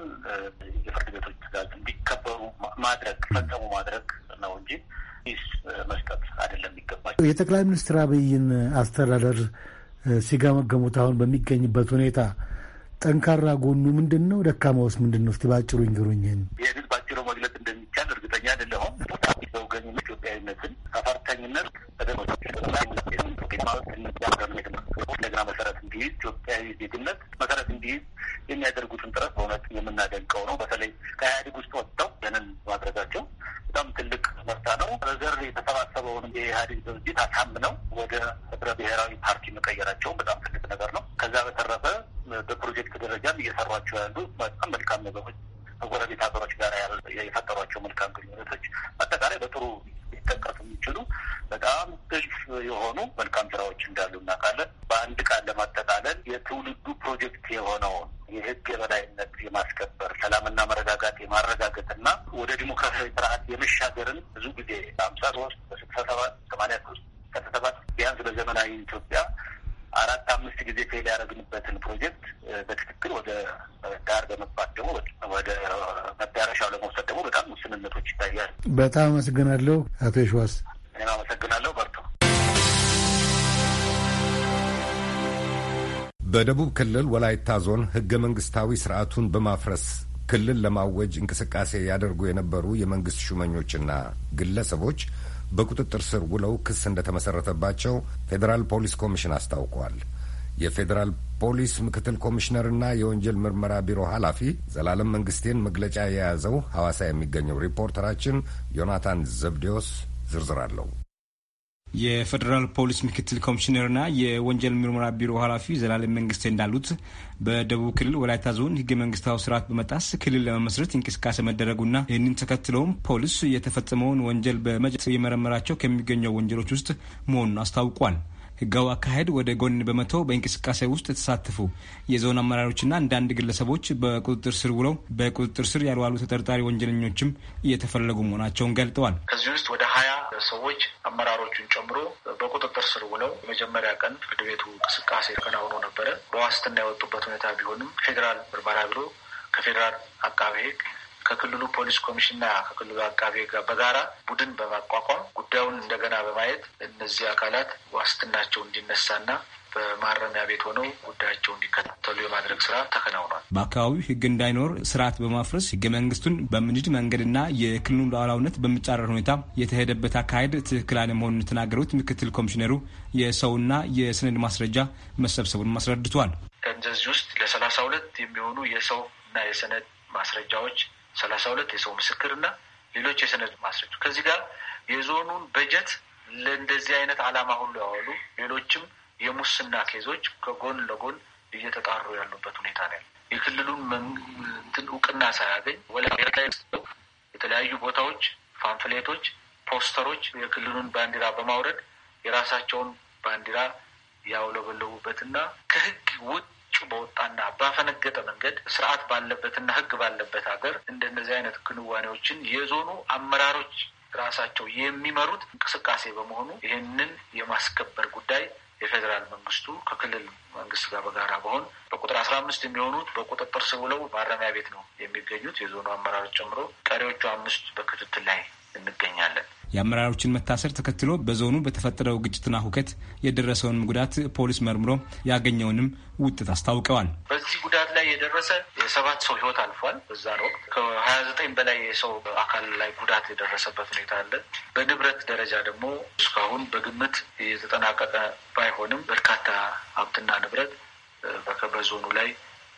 የፍርድ ቤቶች ትዕዛዝ እንዲከበሩ ማድረግ ፈጸሙ ማድረግ ነው እንጂ ስ መስጠት አይደለም የሚገባቸው። የጠቅላይ ሚኒስትር አብይን አስተዳደር ሲገመገሙት አሁን በሚገኝበት ሁኔታ ጠንካራ ጎኑ ምንድን ነው? ደካማውስ ምንድን ነው? እስቲ ባጭሩ ይንገሩኝን። ይህንን ባጭሩ መግለጽ እንደሚቻል እርግጠኛ አይደለሁም። ዘውገኝነት፣ ኢትዮጵያዊነትን፣ አፋርታኝነት እንደገና መሰረት እንዲይዝ ኢትዮጵያዊ ዜግነት መሰረት እንዲይዝ የሚያደርጉትን ጥረት በእውነት የምናደንቀው ነው። በተለይ ከኢህአዴግ ውስጥ ወጥተው ያንን ማድረጋቸው በጣም ትልቅ መርታ ነው። በዘር የተሰባሰበውን የኢህአዴግ ድርጅት አሳምነው ወደ ህብረ ብሔራዊ ፓርቲ መቀየራቸውን በጣም ትልቅ ነገር ነው። ከዛ በተረፈ በፕሮጀክት ደረጃም እየሰሯቸው ያሉ በጣም መልካም ነገሮች ከጎረቤት ሀገሮች ጋር የፈጠሯቸው መልካም ግንኙነቶች አጠቃላይ በጥሩ ሊጠቀሱ የሚችሉ በጣም እልፍ የሆኑ መልካም ስራዎች እንዳሉ እናውቃለን። በአንድ ቃል ለማጠቃለል የትውልዱ ፕሮጀክት የሆነውን የህግ የበላይነት የማስከበር ሰላምና መረጋጋት የማረጋገጥና ወደ ዲሞክራሲያዊ ስርዓት የመሻገርን ብዙ ጊዜ በሀምሳ ሶስት በስልሳ ሰባት ሰማንያ ሶስት ከተሰባት ቢያንስ በዘመናዊ ኢትዮጵያ አራት አምስት ጊዜ ፌል ያደረግንበትን ፕሮጀክት በጣም አመሰግናለሁ አቶ የሸዋስ። እኔም አመሰግናለሁ። በርቱ። በደቡብ ክልል ወላይታ ዞን ህገ መንግስታዊ ስርዓቱን በማፍረስ ክልል ለማወጅ እንቅስቃሴ ያደርጉ የነበሩ የመንግስት ሹመኞችና ግለሰቦች በቁጥጥር ስር ውለው ክስ እንደተመሰረተባቸው ፌዴራል ፖሊስ ኮሚሽን አስታውቋል። የፌዴራል ፖሊስ ምክትል ኮሚሽነርና የወንጀል ምርመራ ቢሮ ኃላፊ ዘላለም መንግስቴን መግለጫ የያዘው ሐዋሳ የሚገኘው ሪፖርተራችን ዮናታን ዘብዴዎስ ዝርዝር አለው። የፌዴራል ፖሊስ ምክትል ኮሚሽነርና የወንጀል ምርመራ ቢሮ ኃላፊ ዘላለም መንግስቴ እንዳሉት በደቡብ ክልል ወላይታ ዞን ህገ መንግስታዊ ስርዓት በመጣስ ክልል ለመመስረት እንቅስቃሴ መደረጉና ይህንን ተከትለውም ፖሊስ የተፈጸመውን ወንጀል በመጀመሪያ የመረመራቸው ከሚገኘው ወንጀሎች ውስጥ መሆኑን አስታውቋል። ህጋዊ አካሄድ ወደ ጎን በመቶ በእንቅስቃሴ ውስጥ የተሳተፉ የዞን አመራሮችና አንዳንድ ግለሰቦች በቁጥጥር ስር ውለው በቁጥጥር ስር ያልዋሉ ተጠርጣሪ ወንጀለኞችም እየተፈለጉ መሆናቸውን ገልጠዋል። ከዚህ ውስጥ ወደ ሀያ ሰዎች አመራሮቹን ጨምሮ በቁጥጥር ስር ውለው መጀመሪያ ቀን ፍርድ ቤቱ እንቅስቃሴ ተከናውኖ ነበረ። በዋስትና የወጡበት ሁኔታ ቢሆንም ፌዴራል ምርመራ ብሎ ከፌዴራል አቃቤ ህግ ከክልሉ ፖሊስ ኮሚሽንና ከክልሉ አቃቤ ጋር በጋራ ቡድን በማቋቋም ጉዳዩን እንደገና በማየት እነዚህ አካላት ዋስትናቸው እንዲነሳና በማረሚያ ቤት ሆነው ጉዳያቸው እንዲከታተሉ የማድረግ ስራ ተከናውኗል። በአካባቢው ህግ እንዳይኖር ስርዓት በማፍረስ ህገ መንግስቱን በምንድ መንገድና የክልሉን ሉዓላዊነት በሚጻረር ሁኔታ የተሄደበት አካሄድ ትክክል አለመሆኑን የተናገሩት ምክትል ኮሚሽነሩ የሰውና የሰነድ ማስረጃ መሰብሰቡን አስረድቷል። ከእነዚህ ውስጥ ለሰላሳ ሁለት የሚሆኑ የሰው እና የሰነድ ማስረጃዎች ሰላሳ ሁለት የሰው ምስክርና ሌሎች የሰነድ ማስረጃ ከዚህ ጋር የዞኑን በጀት ለእንደዚህ አይነት አላማ ሁሉ ያዋሉ ሌሎችም የሙስና ኬዞች ከጎን ለጎን እየተጣሩ ያሉበት ሁኔታ ነው። የክልሉን እንትን እውቅና ሳያገኝ ወላላይ የተለያዩ ቦታዎች ፋንፍሌቶች፣ ፖስተሮች የክልሉን ባንዲራ በማውረድ የራሳቸውን ባንዲራ ያውለበለቡበትና ከህግ ውጭ በወጣና ባፈነገጠ መንገድ ስርዓት ባለበትና ህግ ባለበት ሀገር እንደነዚህ አይነት ክንዋኔዎችን የዞኑ አመራሮች ራሳቸው የሚመሩት እንቅስቃሴ በመሆኑ ይህንን የማስከበር ጉዳይ የፌዴራል መንግስቱ ከክልል መንግስት ጋር በጋራ በሆን በቁጥር አስራ አምስት የሚሆኑት በቁጥጥር ስር ውለው ማረሚያ ቤት ነው የሚገኙት የዞኑ አመራሮች ጨምሮ ቀሪዎቹ አምስት በክትትል ላይ እንገኛለን። የአመራሮችን መታሰር ተከትሎ በዞኑ በተፈጠረው ግጭትና ሁከት የደረሰውንም ጉዳት ፖሊስ መርምሮ ያገኘውንም ውጤት አስታውቀዋል። በዚህ ጉዳት ላይ የደረሰ የሰባት ሰው ህይወት አልፏል። በዛን ወቅት ከሀያ ዘጠኝ በላይ የሰው አካል ላይ ጉዳት የደረሰበት ሁኔታ አለ። በንብረት ደረጃ ደግሞ እስካሁን በግምት የተጠናቀቀ ባይሆንም በርካታ ሀብትና ንብረት በዞኑ ላይ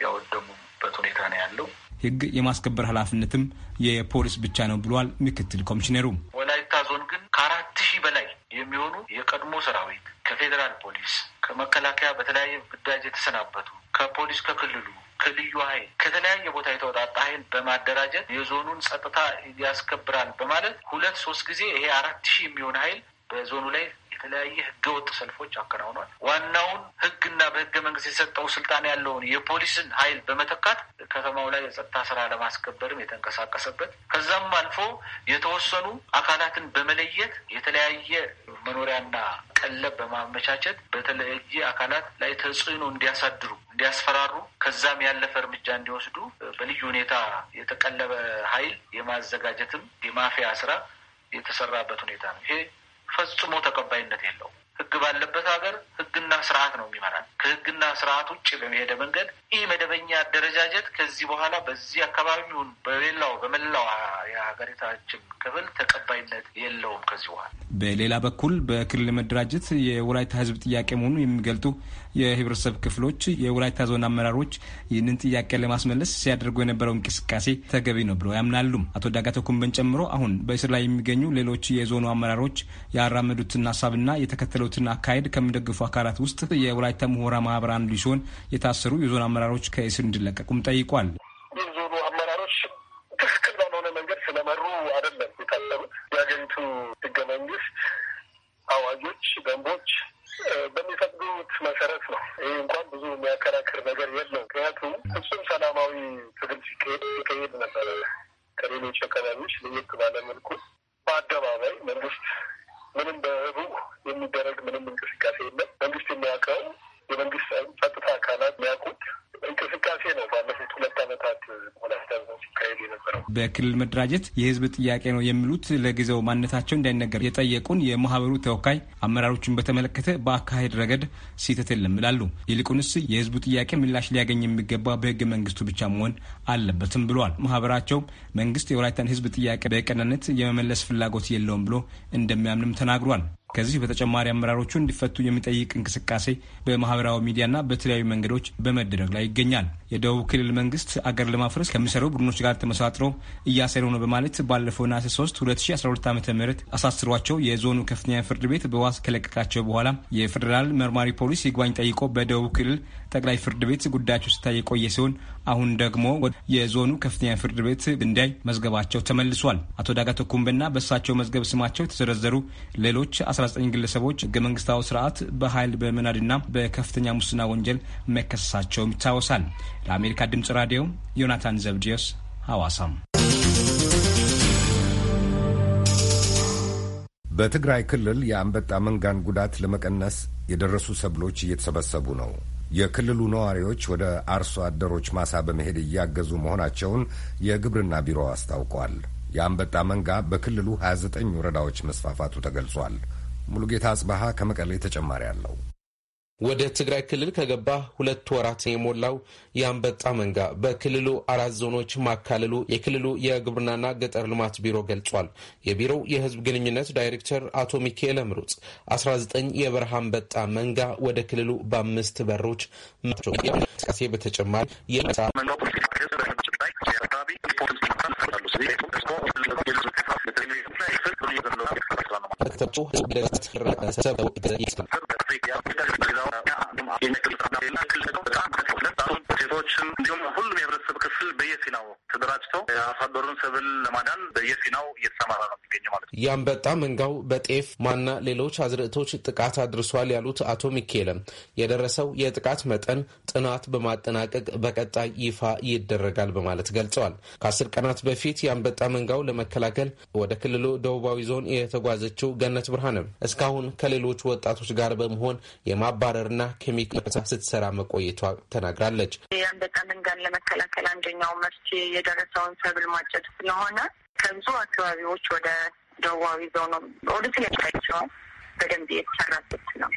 ያወደሙበት ሁኔታ ነው ያለው። ህግ የማስከበር ኃላፊነትም የፖሊስ ብቻ ነው ብሏል ምክትል ኮሚሽነሩ። ወላይታ ዞን ግን ከአራት ሺህ በላይ የሚሆኑ የቀድሞ ሰራዊት ከፌዴራል ፖሊስ፣ ከመከላከያ በተለያየ ግዳጅ የተሰናበቱ ከፖሊስ ከክልሉ ከልዩ ኃይል ከተለያየ ቦታ የተወጣጣ ኃይል በማደራጀት የዞኑን ጸጥታ ያስከብራል በማለት ሁለት ሶስት ጊዜ ይሄ አራት ሺህ የሚሆን ኃይል በዞኑ ላይ የተለያየ ህገወጥ ሰልፎች አከናውኗል። ዋናውን ህግና በህገ መንግስት የሰጠው ስልጣን ያለውን የፖሊስን ኃይል በመተካት ከተማው ላይ የጸጥታ ስራ ለማስከበርም የተንቀሳቀሰበት ከዛም አልፎ የተወሰኑ አካላትን በመለየት የተለያየ መኖሪያና ቀለብ በማመቻቸት በተለያየ አካላት ላይ ተጽዕኖ እንዲያሳድሩ እንዲያስፈራሩ ከዛም ያለፈ እርምጃ እንዲወስዱ በልዩ ሁኔታ የተቀለበ ኃይል የማዘጋጀትም የማፊያ ስራ የተሰራበት ሁኔታ ነው። ይሄ ፈጽሞ ተቀባይነት የለውም። ህግ ባለበት ሀገር ህግና ስርዓት ነው የሚመራል። ከህግና ስርዓት ውጭ በሚሄደ መንገድ ይህ መደበኛ አደረጃጀት ከዚህ በኋላ በዚህ አካባቢ በሌላው በመላው የሀገሪታችን ክፍል ተቀባይነት የለውም ከዚህ በኋላ። በሌላ በኩል በክልል መደራጀት የወላይታ ህዝብ ጥያቄ መሆኑን የሚገልጡ የህብረተሰብ ክፍሎች፣ የወላይታ ዞን አመራሮች ይህንን ጥያቄ ለማስመለስ ሲያደርጉ የነበረው እንቅስቃሴ ተገቢ ነው ብለው ያምናሉ። አቶ ዳጋቶ ኩምበን ጨምሮ አሁን በእስር ላይ የሚገኙ ሌሎች የዞኑ አመራሮች ያራመዱትን ሀሳብና የተከተሉትን አካሄድ ከሚደግፉ አካላት ውስጥ የወላይታ ምሁራ ማህበር አንዱ ሲሆን የታሰሩ የዞን አመራሮች ከእስር እንዲለቀቁም ጠይቋል። የዞኑ አመራሮች ትክክል ባልሆነ መንገድ ስለመሩ አይደለም የታሰሩት። የሀገሪቱ ህገ መንግስት አዋጆች፣ ደንቦች በሚፈቅዱት መሰረት ነው። ይህ እንኳን ብዙ የሚያከራክር ነገር የለው። ምክንያቱም ፍጹም ሰላማዊ ትግል ሲካሄድ ሲካሄድ ነበረ። ከሌሎች አካባቢዎች ለየት ባለመልኩ በአደባባይ መንግስት ምንም በህቡ የሚደረግ ምንም እንቅስቃሴ የለም። መንግስት የሚያውቀው የመንግስት ጸጥታ አካላት የሚያውቁት እንቅስቃሴ ነው ባለፉት ሁለት ዓመታት ሞላታ ሲካሄድ የነበረው። በክልል መደራጀት የህዝብ ጥያቄ ነው የሚሉት ለጊዜው ማንነታቸው እንዳይነገር የጠየቁን የማህበሩ ተወካይ አመራሮችን በተመለከተ በአካሄድ ረገድ ሲተት የለም ይላሉ። ይልቁንስ የህዝቡ ጥያቄ ምላሽ ሊያገኝ የሚገባ በህገ መንግስቱ ብቻ መሆን አለበትም ብለዋል። ማህበራቸው መንግስት የወላይታን ህዝብ ጥያቄ በቀናነት የመመለስ ፍላጎት የለውም ብሎ እንደሚያምንም ተናግሯል። ከዚህ በተጨማሪ አመራሮቹ እንዲፈቱ የሚጠይቅ እንቅስቃሴ በማህበራዊ ሚዲያና በተለያዩ መንገዶች በመደረግ ላይ ይገኛል። የደቡብ ክልል መንግስት አገር ለማፍረስ ከሚሰሩ ቡድኖች ጋር ተመሳጥሮ እያሰሩ ነው በማለት ባለፈው ነሐሴ 3 2012 ዓ ም አሳስሯቸው የዞኑ ከፍተኛ ፍርድ ቤት በዋስ ከለቀቃቸው በኋላ የፌዴራል መርማሪ ፖሊስ ይግባኝ ጠይቆ በደቡብ ክልል ጠቅላይ ፍርድ ቤት ጉዳያቸው ሲታይ የቆየ ሲሆን አሁን ደግሞ የዞኑ ከፍተኛ ፍርድ ቤት እንዳይ መዝገባቸው ተመልሷል። አቶ ዳጋቶ ኩምብና በእሳቸው መዝገብ ስማቸው የተዘረዘሩ ሌሎች 19 ግለሰቦች ህገ መንግስታዊ ስርዓት በኃይል በመናድና በከፍተኛ ሙስና ወንጀል መከሰሳቸውም ይታወሳል። ለአሜሪካ ድምፅ ራዲዮ ዮናታን ዘብዲዮስ ሐዋሳም። በትግራይ ክልል የአንበጣ መንጋን ጉዳት ለመቀነስ የደረሱ ሰብሎች እየተሰበሰቡ ነው። የክልሉ ነዋሪዎች ወደ አርሶ አደሮች ማሳ በመሄድ እያገዙ መሆናቸውን የግብርና ቢሮ አስታውቋል። የአንበጣ መንጋ በክልሉ 29 ወረዳዎች መስፋፋቱ ተገልጿል። ሙሉጌታ አጽበሃ ከመቀሌ ተጨማሪ አለው። ወደ ትግራይ ክልል ከገባ ሁለት ወራት የሞላው የአንበጣ መንጋ በክልሉ አራት ዞኖች ማካለሉ የክልሉ የግብርናና ገጠር ልማት ቢሮ ገልጿል። የቢሮው የሕዝብ ግንኙነት ዳይሬክተር አቶ ሚካኤል ምሩጽ 19 የበረሃ አንበጣ መንጋ ወደ ክልሉ በአምስት በሮች ቃሴ በተጨማሪ ሴቶችን እንዲሁም ሁሉም የህብረተሰብ ክፍል በየፊናው ተደራጅተው አሳደሩን ሰብል ለማዳን በየፊናው እየተሰማራ ነው ማለት ነው። የአንበጣ መንጋው በጤፍ ማና ሌሎች አዝርዕቶች ጥቃት አድርሷል ያሉት አቶ ሚኬለም የደረሰው የጥቃት መጠን ጥናት በማጠናቀቅ በቀጣይ ይፋ ይደረጋል በማለት ገልጸዋል። ከአስር ቀናት በፊት የአንበጣ መንጋው ለመከላከል ወደ ክልሉ ደቡባዊ ዞን የተጓዘችው ገነት ብርሃንም እስካሁን ከሌሎች ወጣቶች ጋር በመሆን የማባረርና ኬሚካል ስትሰራ መቆየቷ ተናግራለች። የአንበጣ መንጋን ለመከላከል አንደኛው መፍትሄ የደረሰውን ሰብል ማጨድ ስለሆነ ከብዙ አካባቢዎች ወደ ደቡባዊ ዞኖ ወደ ተለያዩ በደንብ የተሰራበት ነው።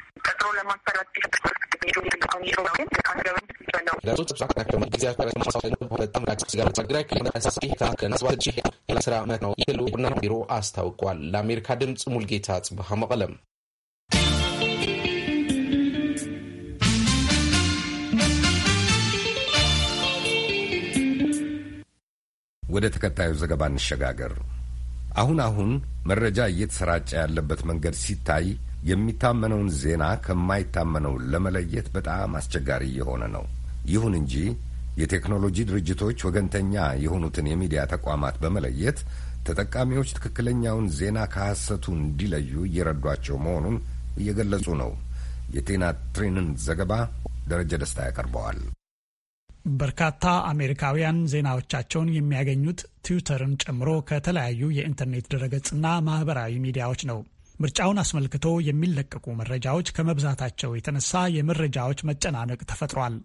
ቢሮ አስታውቋል። ለአሜሪካ ድምፅ ሙልጌታ ጽብሃ መቀለም ወደ ተከታዩ ዘገባ እንሸጋገር። አሁን አሁን መረጃ እየተሰራጨ ያለበት መንገድ ሲታይ የሚታመነውን ዜና ከማይታመነው ለመለየት በጣም አስቸጋሪ እየሆነ ነው። ይሁን እንጂ የቴክኖሎጂ ድርጅቶች ወገንተኛ የሆኑትን የሚዲያ ተቋማት በመለየት ተጠቃሚዎች ትክክለኛውን ዜና ከሐሰቱ እንዲለዩ እየረዷቸው መሆኑን እየገለጹ ነው። የጤና ትሬንን ዘገባ ደረጀ ደስታ ያቀርበዋል። በርካታ አሜሪካውያን ዜናዎቻቸውን የሚያገኙት ትዊተርን ጨምሮ ከተለያዩ የኢንተርኔት ድረገጽና ማህበራዊ ሚዲያዎች ነው። ምርጫውን አስመልክቶ የሚለቀቁ መረጃዎች ከመብዛታቸው የተነሳ የመረጃዎች መጨናነቅ ተፈጥሯል።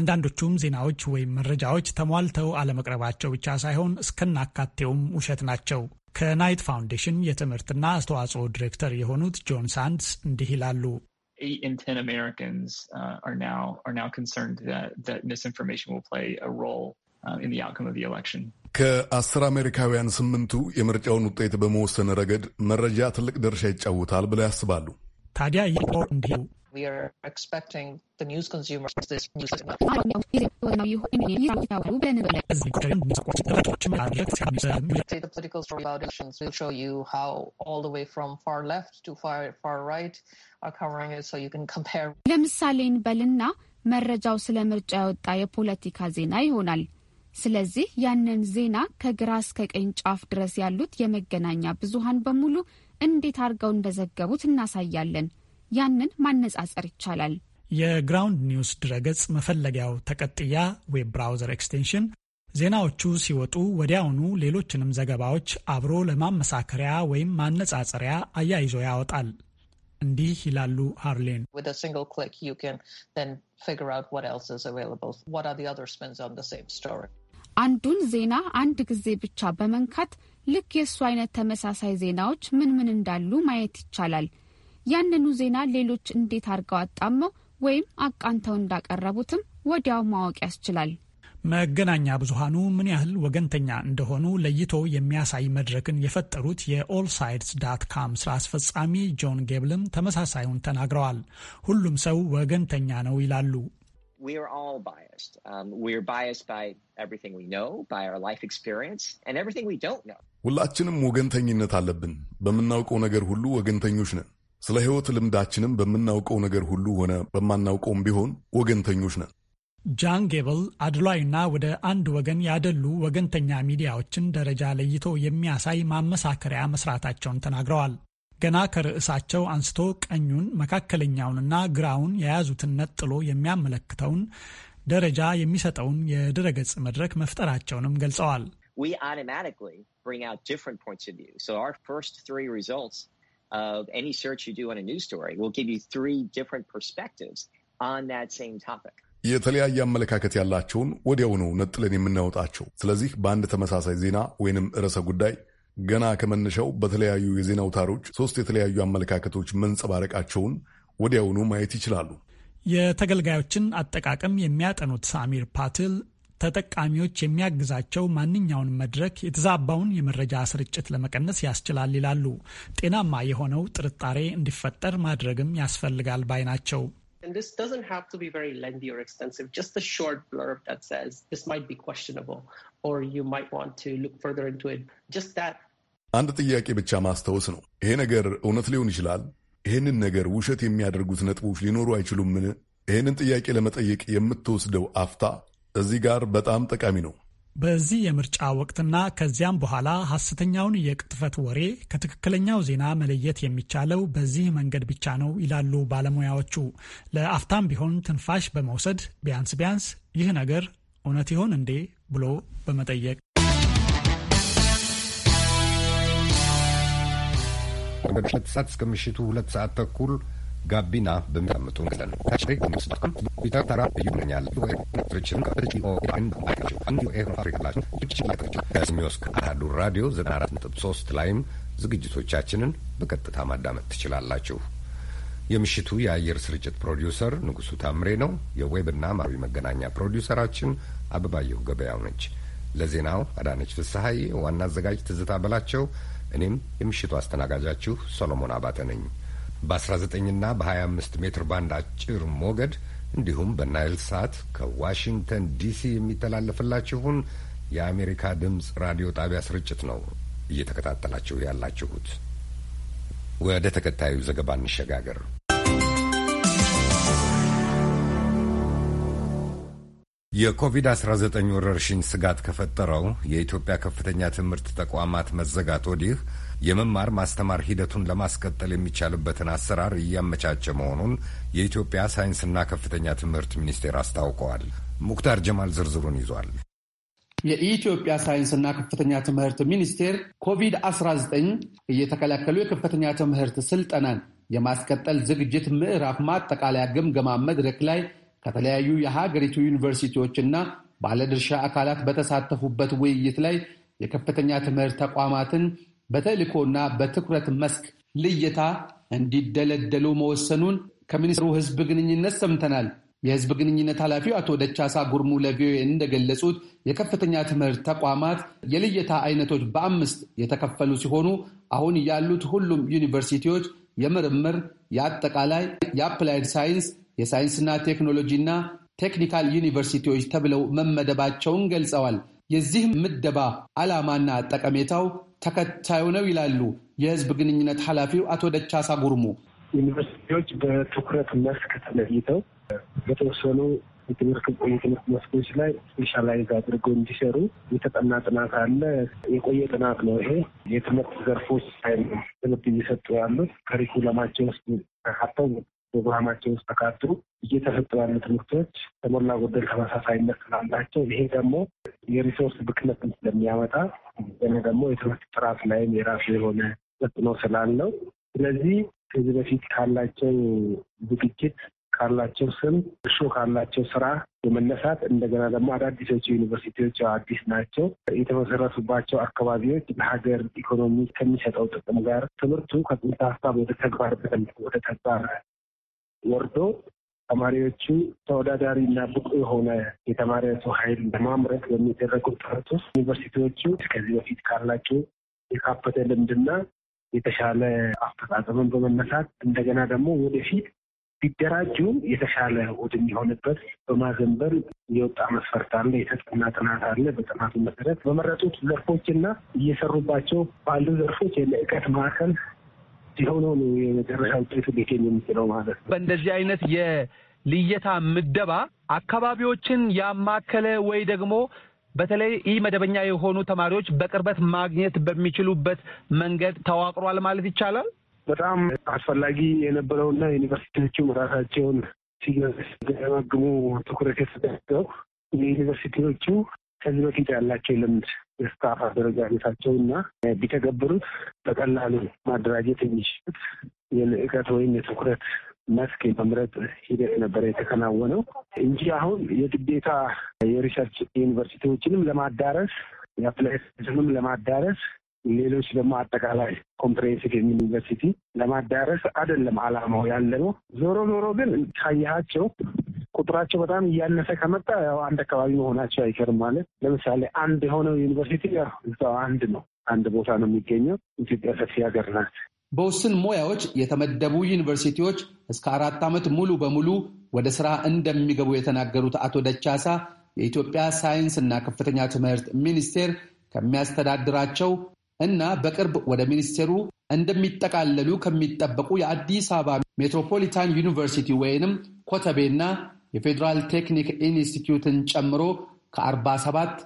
አንዳንዶቹም ዜናዎች ወይም መረጃዎች ተሟልተው አለመቅረባቸው ብቻ ሳይሆን እስከናካቴውም ውሸት ናቸው። ከናይት ፋውንዴሽን የትምህርትና አስተዋጽኦ ዲሬክተር የሆኑት ጆን ሳንድስ እንዲህ ይላሉ። eight in ten Americans uh, are now are now concerned that that misinformation will play a role uh, in the outcome of the election. ከአስር አሜሪካውያን ስምንቱ የምርጫውን ውጤት በመወሰን ረገድ መረጃ ትልቅ ድርሻ ይጫወታል ብለው ያስባሉ። ታዲያ ይህ እንዲሁ we are expecting the news consumers this news the political story about elections will show you how all the way from far left to far far right are covering it so you can compare ለምሳሌን በልና መረጃው ስለ ምርጫ የወጣ የፖለቲካ ዜና ይሆናል ስለዚህ ያንን ዜና ከግራ እስከ ቀኝ ጫፍ ድረስ ያሉት የመገናኛ ብዙሃን በሙሉ እንዴት አድርገው እንደዘገቡት እናሳያለን ያንን ማነጻጸር ይቻላል። የግራውንድ ኒውስ ድረገጽ መፈለጊያው ተቀጥያ ዌብ ብራውዘር ኤክስቴንሽን ዜናዎቹ ሲወጡ ወዲያውኑ ሌሎችንም ዘገባዎች አብሮ ለማመሳከሪያ ወይም ማነጻጸሪያ አያይዞ ያወጣል። እንዲህ ይላሉ ሃርሌን። አንዱን ዜና አንድ ጊዜ ብቻ በመንካት ልክ የእሱ አይነት ተመሳሳይ ዜናዎች ምን ምን እንዳሉ ማየት ይቻላል። ያንኑ ዜና ሌሎች እንዴት አድርገው አጣመው ወይም አቃንተው እንዳቀረቡትም ወዲያው ማወቅ ያስችላል። መገናኛ ብዙሃኑ ምን ያህል ወገንተኛ እንደሆኑ ለይቶ የሚያሳይ መድረክን የፈጠሩት የኦል ሳይድስ ዳት ካም ስራ አስፈጻሚ ጆን ጌብልም ተመሳሳዩን ተናግረዋል። ሁሉም ሰው ወገንተኛ ነው ይላሉ። um, ሁላችንም ወገንተኝነት አለብን። በምናውቀው ነገር ሁሉ ወገንተኞች ነን። ስለ ሕይወት ልምዳችንም በምናውቀው ነገር ሁሉ ሆነ በማናውቀውም ቢሆን ወገንተኞች ነን። ጃን ጌብል አድሏይና ወደ አንድ ወገን ያደሉ ወገንተኛ ሚዲያዎችን ደረጃ ለይቶ የሚያሳይ ማመሳከሪያ መስራታቸውን ተናግረዋል። ገና ከርዕሳቸው አንስቶ ቀኙን፣ መካከለኛውንና ግራውን የያዙትን ነጥሎ የሚያመለክተውን ደረጃ የሚሰጠውን የድረገጽ መድረክ መፍጠራቸውንም ገልጸዋል። of any search you do on a news story will give you three different perspectives on that same topic. የተለያየ አመለካከት ያላቸውን ወዲያውኑ ነጥለን የምናወጣቸው። ስለዚህ በአንድ ተመሳሳይ ዜና ወይንም ርዕሰ ጉዳይ ገና ከመነሻው በተለያዩ የዜና አውታሮች ሶስት የተለያዩ አመለካከቶች መንጸባረቃቸውን ወዲያውኑ ማየት ይችላሉ። የተገልጋዮችን አጠቃቀም የሚያጠኑት ሳሚር ፓትል ተጠቃሚዎች የሚያግዛቸው ማንኛውን መድረክ የተዛባውን የመረጃ ስርጭት ለመቀነስ ያስችላል ይላሉ። ጤናማ የሆነው ጥርጣሬ እንዲፈጠር ማድረግም ያስፈልጋል ባይ ናቸው። አንድ ጥያቄ ብቻ ማስታወስ ነው። ይሄ ነገር እውነት ሊሆን ይችላል። ይህንን ነገር ውሸት የሚያደርጉት ነጥቦች ሊኖሩ አይችሉምን? ይህንን ጥያቄ ለመጠየቅ የምትወስደው አፍታ እዚህ ጋር በጣም ጠቃሚ ነው። በዚህ የምርጫ ወቅትና ከዚያም በኋላ ሐሰተኛውን የቅጥፈት ወሬ ከትክክለኛው ዜና መለየት የሚቻለው በዚህ መንገድ ብቻ ነው ይላሉ ባለሙያዎቹ። ለአፍታም ቢሆን ትንፋሽ በመውሰድ ቢያንስ ቢያንስ ይህ ነገር እውነት ይሆን እንዴ ብሎ በመጠየቅ ከጠዋት እስከ ምሽቱ ሁለት ሰዓት ተኩል ጋቢና ከስሚዮስክ አህዱ ራዲዮ 94.3 ላይም ዝግጅቶቻችንን በቀጥታ ማዳመጥ ትችላላችሁ። የምሽቱ የአየር ስርጭት ፕሮዲውሰር ንጉሱ ታምሬ ነው። የዌብና ማዊ መገናኛ ፕሮዲውሰራችን አበባየሁ ገበያው ነች። ለዜናው አዳነች ፍስሐዬ፣ ዋና አዘጋጅ ትዝታ በላቸው፣ እኔም የምሽቱ አስተናጋጃችሁ ሰሎሞን አባተ ነኝ። በ19ና በ25 ሜትር ባንድ አጭር ሞገድ እንዲሁም በናይል ሳት ከዋሽንግተን ዲሲ የሚተላለፍላችሁን የአሜሪካ ድምፅ ራዲዮ ጣቢያ ስርጭት ነው እየተከታተላችሁ ያላችሁት። ወደ ተከታዩ ዘገባ እንሸጋገር። የኮቪድ-19 ወረርሽኝ ስጋት ከፈጠረው የኢትዮጵያ ከፍተኛ ትምህርት ተቋማት መዘጋት ወዲህ የመማር ማስተማር ሂደቱን ለማስቀጠል የሚቻልበትን አሰራር እያመቻቸ መሆኑን የኢትዮጵያ ሳይንስና ከፍተኛ ትምህርት ሚኒስቴር አስታውቀዋል። ሙክታር ጀማል ዝርዝሩን ይዟል። የኢትዮጵያ ሳይንስና ከፍተኛ ትምህርት ሚኒስቴር ኮቪድ-19 እየተከላከሉ የከፍተኛ ትምህርት ስልጠናን የማስቀጠል ዝግጅት ምዕራፍ ማጠቃለያ ግምገማ መድረክ ላይ ከተለያዩ የሀገሪቱ ዩኒቨርሲቲዎችና ባለድርሻ አካላት በተሳተፉበት ውይይት ላይ የከፍተኛ ትምህርት ተቋማትን በተልእኮና በትኩረት መስክ ልየታ እንዲደለደሉ መወሰኑን ከሚኒስትሩ ህዝብ ግንኙነት ሰምተናል። የህዝብ ግንኙነት ኃላፊው አቶ ደቻሳ ጉርሙ ለቪኦኤ እንደገለጹት የከፍተኛ ትምህርት ተቋማት የልየታ አይነቶች በአምስት የተከፈሉ ሲሆኑ አሁን ያሉት ሁሉም ዩኒቨርሲቲዎች የምርምር፣ የአጠቃላይ፣ የአፕላይድ ሳይንስ፣ የሳይንስና ቴክኖሎጂ ቴክኒካል ዩኒቨርሲቲዎች ተብለው መመደባቸውን ገልጸዋል። የዚህም ምደባ ዓላማና ጠቀሜታው ተከታዩ ነው ይላሉ የህዝብ ግንኙነት ኃላፊው አቶ ደቻሳ ጉርሙ። ዩኒቨርሲቲዎች በትኩረት መስክ ተለይተው በተወሰኑ የትምህርት የትምህርት መስኮች ላይ ስፔሻላይዝ አድርገው እንዲሰሩ የተጠና ጥናት አለ። የቆየ ጥናት ነው ይሄ። የትምህርት ዘርፎች ትምህርት እየሰጡ ያሉት ከሪኩለማቸው ውስጥ ተካተው ፕሮግራማቸው ውስጥ ተካቱ እየተሰጡ ያሉ ትምህርቶች ከሞላ ጎደል ተመሳሳይነት ስላላቸው ይሄ ደግሞ የሪሶርስ ብክነትን ስለሚያመጣ ገና ደግሞ የትምህርት ጥራት ላይም የራሱ የሆነ ተጽዕኖ ስላለው ስለዚህ ከዚህ በፊት ካላቸው ዝግጅት ካላቸው ስም እርሾ ካላቸው ስራ በመነሳት እንደገና ደግሞ አዳዲሶቹ ዩኒቨርሲቲዎች አዲስ ናቸው። የተመሰረቱባቸው አካባቢዎች ለሀገር ኢኮኖሚ ከሚሰጠው ጥቅም ጋር ትምህርቱ ከጥንት ሀሳብ ወደ ተግባር ወደ ተግባር ወርዶ ተማሪዎቹ ተወዳዳሪ እና ብቁ የሆነ የተማሪ ኃይል ለማምረት በሚደረጉ ጥረት ውስጥ ዩኒቨርሲቲዎቹ ከዚህ በፊት ካላቸው የካበተ ልምድና የተሻለ አፈጻጸምን በመነሳት እንደገና ደግሞ ወደፊት ቢደራጁ የተሻለ የሚሆንበት በማዘንበል የወጣ መስፈርት አለ፣ የተጠና ጥናት አለ። በጥናቱ መሰረት በመረጡት ዘርፎች እና እየሰሩባቸው ባሉ ዘርፎች የልዕቀት ማዕከል ሲሆነው ነው የመጨረሻ ውጤት ሊገኝ የሚችለው ማለት ነው። በእንደዚህ አይነት የልየታ ምደባ አካባቢዎችን ያማከለ ወይ ደግሞ በተለይ ኢ መደበኛ የሆኑ ተማሪዎች በቅርበት ማግኘት በሚችሉበት መንገድ ተዋቅሯል ማለት ይቻላል። በጣም አስፈላጊ የነበረውና ዩኒቨርሲቲዎቹም ራሳቸውን ሲገመግሙ ትኩረት የሰጣቸው የዩኒቨርሲቲዎቹ ከዚህ በፊት ያላቸው ልምድ የስታፍ አደረጃጀታቸው እና ቢተገብሩት በቀላሉ ማደራጀት የሚችሉት የልዕቀት ወይም የትኩረት መስክ የመምረጥ ሂደት ነበረ የተከናወነው እንጂ አሁን የግዴታ የሪሰርች ዩኒቨርሲቲዎችንም ለማዳረስ የአፕላይ ለማዳረስ ሌሎች ደግሞ አጠቃላይ ኮምፕሬሄንሲቭ የሚል ዩኒቨርሲቲ ለማዳረስ አይደለም አላማው ያለ ነው። ዞሮ ዞሮ ግን ካየሃቸው ቁጥራቸው በጣም እያነሰ ከመጣ ያው አንድ አካባቢ መሆናቸው አይቀርም። ማለት ለምሳሌ አንድ የሆነው ዩኒቨርሲቲ እዛው አንድ ነው፣ አንድ ቦታ ነው የሚገኘው። ኢትዮጵያ ሰፊ ሀገር ናት። በውስን ሙያዎች የተመደቡ ዩኒቨርሲቲዎች እስከ አራት ዓመት ሙሉ በሙሉ ወደ ስራ እንደሚገቡ የተናገሩት አቶ ደቻሳ የኢትዮጵያ ሳይንስ እና ከፍተኛ ትምህርት ሚኒስቴር ከሚያስተዳድራቸው እና በቅርብ ወደ ሚኒስቴሩ እንደሚጠቃለሉ ከሚጠበቁ የአዲስ አበባ ሜትሮፖሊታን ዩኒቨርሲቲ ወይንም ኮተቤና የፌዴራል ቴክኒክ ኢንስቲትዩትን ጨምሮ ከ47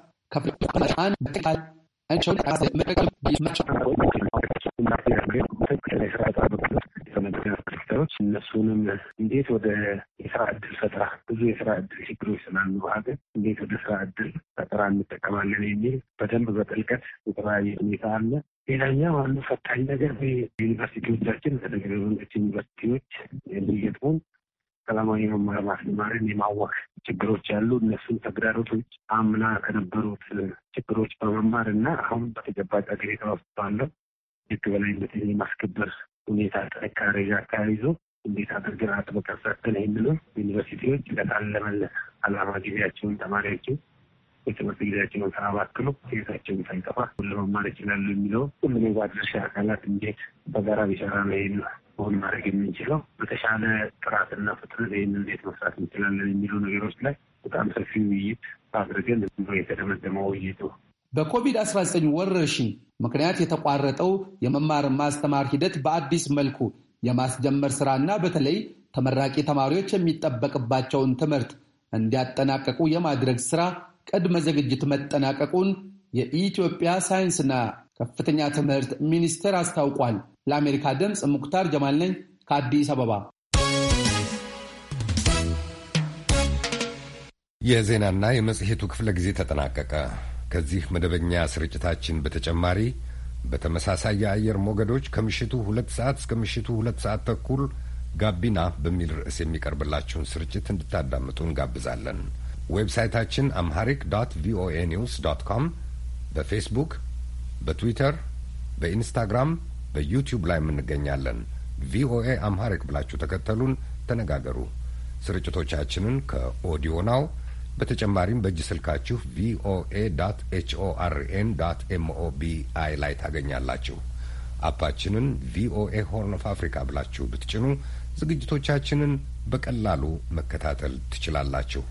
ሴክተሮች እነሱንም እንዴት ወደ የስራ እድል ፈጠራ ብዙ የስራ እድል ችግሮች ስላሉ ሀገር እንዴት ወደ ስራ እድል ፈጠራ እንጠቀማለን የሚል በደንብ በጥልቀት የተለያየ ሁኔታ አለ። ሌላኛው አንዱ ፈታኝ ነገር በዩኒቨርሲቲዎቻችን በተገቢ ዩኒቨርሲቲዎች የሚገጥሙን ሰላማዊ መማር ማስተማርን የማወቅ ችግሮች ያሉ እነሱን ተግዳሮቶች አምና ከነበሩት ችግሮች በመማር እና አሁን በተጨባጭ አገሪታ ውስጥ ባለው ህግ በላይነትን የማስከበር ሁኔታ ጥንካሬ ጋር ተያይዞ እንዴት አድርገን አጥብቀን ሰርተን የሚለው ዩኒቨርሲቲዎች ለታለመለት አላማ ጊዜያቸውን ተማሪያቸው የትምህርት ጊዜያቸውን ሳያባክኑ ቤታቸውን ሳይጠፋ ሁሉ መማር ይችላሉ የሚለው ሁሉም የባለድርሻ አካላት እንዴት በጋራ ቢሰራ ነው ይህን ሆን ማድረግ የምንችለው በተሻለ ጥራትና ፍጥነት ይህን እንዴት መስራት እንችላለን የሚሉ ነገሮች ላይ በጣም ሰፊ ውይይት አድርገን የተደመደመው ውይይቱ በኮቪድ-19 ወረርሽኝ ምክንያት የተቋረጠው የመማር ማስተማር ሂደት በአዲስ መልኩ የማስጀመር ስራና በተለይ ተመራቂ ተማሪዎች የሚጠበቅባቸውን ትምህርት እንዲያጠናቀቁ የማድረግ ስራ ቅድመ ዝግጅት መጠናቀቁን የኢትዮጵያ ሳይንስና ከፍተኛ ትምህርት ሚኒስቴር አስታውቋል። ለአሜሪካ ድምፅ ሙክታር ጀማል ነኝ ከአዲስ አበባ። የዜናና የመጽሔቱ ክፍለ ጊዜ ተጠናቀቀ። ከዚህ መደበኛ ስርጭታችን በተጨማሪ በተመሳሳይ የአየር ሞገዶች ከምሽቱ ሁለት ሰዓት እስከ ምሽቱ ሁለት ሰዓት ተኩል ጋቢና በሚል ርዕስ የሚቀርብላችሁን ስርጭት እንድታዳምጡ እንጋብዛለን። ዌብሳይታችን አምሃሪክ ዶት ቪኦኤ ኒውስ ዶት ኮም፣ በፌስቡክ፣ በትዊተር፣ በኢንስታግራም፣ በዩቲዩብ ላይ እንገኛለን። ቪኦኤ አምሃሪክ ብላችሁ ተከተሉን፣ ተነጋገሩ። ስርጭቶቻችንን ከኦዲዮ ናው በተጨማሪም በእጅ ስልካችሁ ቪኦኤ ዶት ኤችኦአርኤን ላይ ታገኛላችሁ። አፓችንን ቪኦኤ ሆርን ኦፍ አፍሪካ ብላችሁ ብትጭኑ ዝግጅቶቻችንን በቀላሉ መከታተል ትችላላችሁ።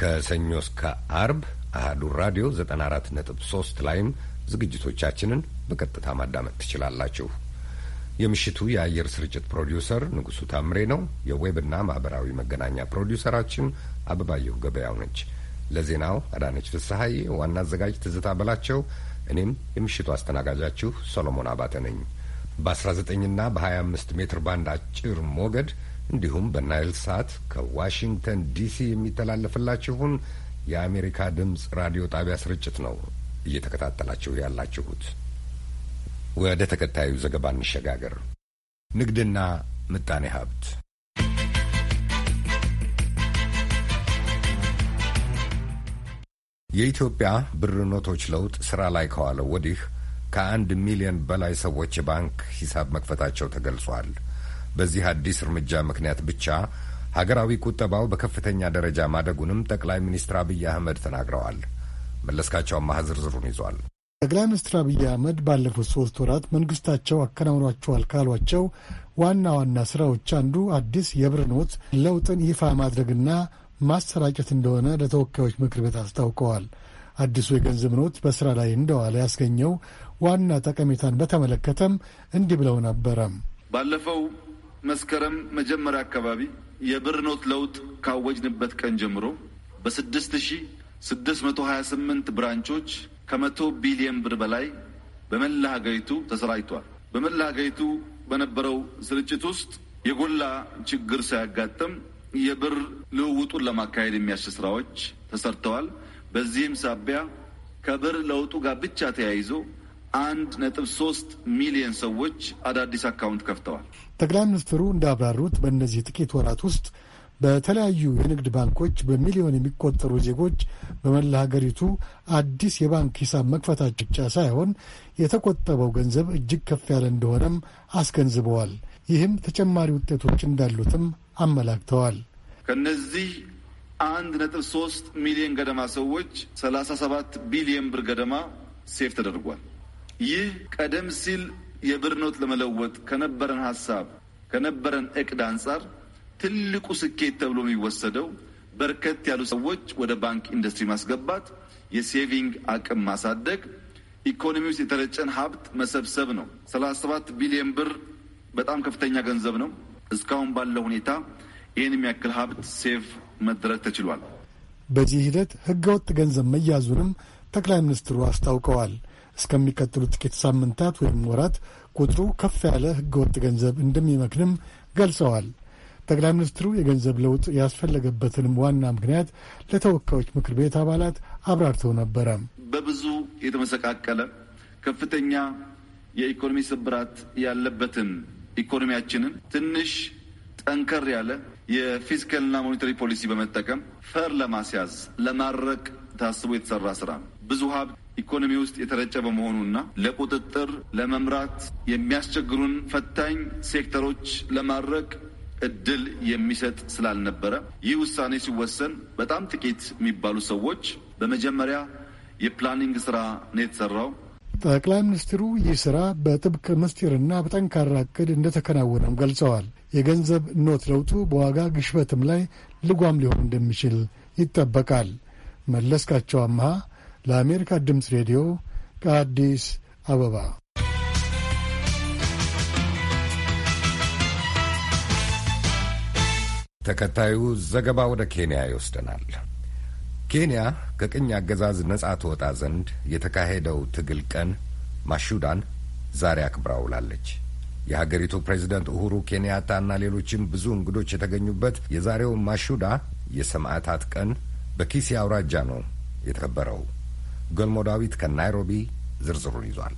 ከሰኞ እስከ አርብ አህዱ ራዲዮ 94.3 ላይም ዝግጅቶቻችንን በቀጥታ ማዳመጥ ትችላላችሁ። የምሽቱ የአየር ስርጭት ፕሮዲውሰር ንጉሱ ታምሬ ነው። የዌብና ማህበራዊ መገናኛ ፕሮዲውሰራችን አበባየሁ ገበያው ነች። ለዜናው አዳነች ፍስሐዬ፣ ዋና አዘጋጅ ትዝታ በላቸው፣ እኔም የምሽቱ አስተናጋጃችሁ ሰሎሞን አባተ ነኝ። በ19ና በ25 ሜትር ባንድ አጭር ሞገድ እንዲሁም በናይል ሳት ከዋሽንግተን ዲሲ የሚተላለፍላችሁን የአሜሪካ ድምፅ ራዲዮ ጣቢያ ስርጭት ነው እየተከታተላችሁ ያላችሁት። ወደ ተከታዩ ዘገባ እንሸጋገር። ንግድና ምጣኔ ሀብት የኢትዮጵያ ብር ኖቶች ለውጥ ስራ ላይ ከዋለው ወዲህ ከአንድ ሚሊዮን በላይ ሰዎች የባንክ ሂሳብ መክፈታቸው ተገልጿል። በዚህ አዲስ እርምጃ ምክንያት ብቻ ሀገራዊ ቁጠባው በከፍተኛ ደረጃ ማደጉንም ጠቅላይ ሚኒስትር አብይ አህመድ ተናግረዋል። መለስካቸው አማሃ ዝርዝሩን ይዟል። ጠቅላይ ሚኒስትር አብይ አህመድ ባለፉት ሶስት ወራት መንግስታቸው አከናውኗቸዋል ካሏቸው ዋና ዋና ስራዎች አንዱ አዲስ የብር ኖት ለውጥን ይፋ ማድረግና ማሰራጨት እንደሆነ ለተወካዮች ምክር ቤት አስታውቀዋል። አዲሱ የገንዘብ ኖት በስራ ላይ እንደዋለ ያስገኘው ዋና ጠቀሜታን በተመለከተም እንዲህ ብለው ነበረ። ባለፈው መስከረም መጀመሪያ አካባቢ የብር ኖት ለውጥ ካወጅንበት ቀን ጀምሮ በ6628 ብራንቾች ከመቶ ቢሊየን ብር በላይ በመላ ሀገሪቱ ተሰራጭቷል። በመላ ሀገሪቱ በነበረው ስርጭት ውስጥ የጎላ ችግር ሳያጋጥም የብር ልውውጡን ለማካሄድ የሚያስችል ስራዎች ተሰርተዋል። በዚህም ሳቢያ ከብር ለውጡ ጋር ብቻ ተያይዞ አንድ ነጥብ ሶስት ሚሊዮን ሰዎች አዳዲስ አካውንት ከፍተዋል። ጠቅላይ ሚኒስትሩ እንዳብራሩት በእነዚህ ጥቂት ወራት ውስጥ በተለያዩ የንግድ ባንኮች በሚሊዮን የሚቆጠሩ ዜጎች በመላ ሀገሪቱ አዲስ የባንክ ሂሳብ መክፈታቸው ብቻ ሳይሆን የተቆጠበው ገንዘብ እጅግ ከፍ ያለ እንደሆነም አስገንዝበዋል። ይህም ተጨማሪ ውጤቶች እንዳሉትም አመላክተዋል። ከነዚህ አንድ ነጥብ ሶስት ሚሊዮን ገደማ ሰዎች ሰላሳ ሰባት ቢሊየን ብር ገደማ ሴፍ ተደርጓል። ይህ ቀደም ሲል የብር ኖት ለመለወጥ ከነበረን ሀሳብ ከነበረን እቅድ አንጻር ትልቁ ስኬት ተብሎ የሚወሰደው በርከት ያሉ ሰዎች ወደ ባንክ ኢንዱስትሪ ማስገባት፣ የሴቪንግ አቅም ማሳደግ፣ ኢኮኖሚ ውስጥ የተረጨን ሀብት መሰብሰብ ነው። ሰላሳ ሰባት ቢሊየን ብር በጣም ከፍተኛ ገንዘብ ነው። እስካሁን ባለው ሁኔታ ይህን የሚያክል ሀብት ሴቭ መደረግ ተችሏል። በዚህ ሂደት ህገወጥ ገንዘብ መያዙንም ጠቅላይ ሚኒስትሩ አስታውቀዋል። እስከሚቀጥሉ ጥቂት ሳምንታት ወይም ወራት ቁጥሩ ከፍ ያለ ህገወጥ ገንዘብ እንደሚመክንም ገልጸዋል። ጠቅላይ ሚኒስትሩ የገንዘብ ለውጥ ያስፈለገበትንም ዋና ምክንያት ለተወካዮች ምክር ቤት አባላት አብራርተው ነበረ። በብዙ የተመሰቃቀለ ከፍተኛ የኢኮኖሚ ስብራት ያለበትን ኢኮኖሚያችንን ትንሽ ጠንከር ያለ የፊስካልና ሞኔታሪ ፖሊሲ በመጠቀም ፈር ለማስያዝ ለማድረቅ ታስቦ የተሰራ ስራ ነው። ብዙ ሀብት ኢኮኖሚ ውስጥ የተረጨ በመሆኑና ለቁጥጥር ለመምራት የሚያስቸግሩን ፈታኝ ሴክተሮች ለማድረቅ እድል የሚሰጥ ስላልነበረ ይህ ውሳኔ ሲወሰን በጣም ጥቂት የሚባሉ ሰዎች በመጀመሪያ የፕላኒንግ ስራ ነው የተሰራው። ጠቅላይ ሚኒስትሩ ይህ ሥራ በጥብቅ ምስጢርና በጠንካራ እቅድ እንደተከናወነም ገልጸዋል። የገንዘብ ኖት ለውጡ በዋጋ ግሽበትም ላይ ልጓም ሊሆን እንደሚችል ይጠበቃል። መለስካቸው አምሃ ለአሜሪካ ድምፅ ሬዲዮ ከአዲስ አበባ ተከታዩ ዘገባ ወደ ኬንያ ይወስደናል። ኬንያ ከቅኝ አገዛዝ ነጻ ትወጣ ዘንድ የተካሄደው ትግል ቀን ማሹዳን ዛሬ አክብራ ውላለች። የሀገሪቱ ፕሬዚደንት ኡሁሩ እና ሌሎችም ብዙ እንግዶች የተገኙበት የዛሬው ማሹዳ የሰማዕታት ቀን በኪሲ አውራጃ ነው የተከበረው። ገልሞ ዳዊት ከናይሮቢ ዝርዝሩን ይዟል።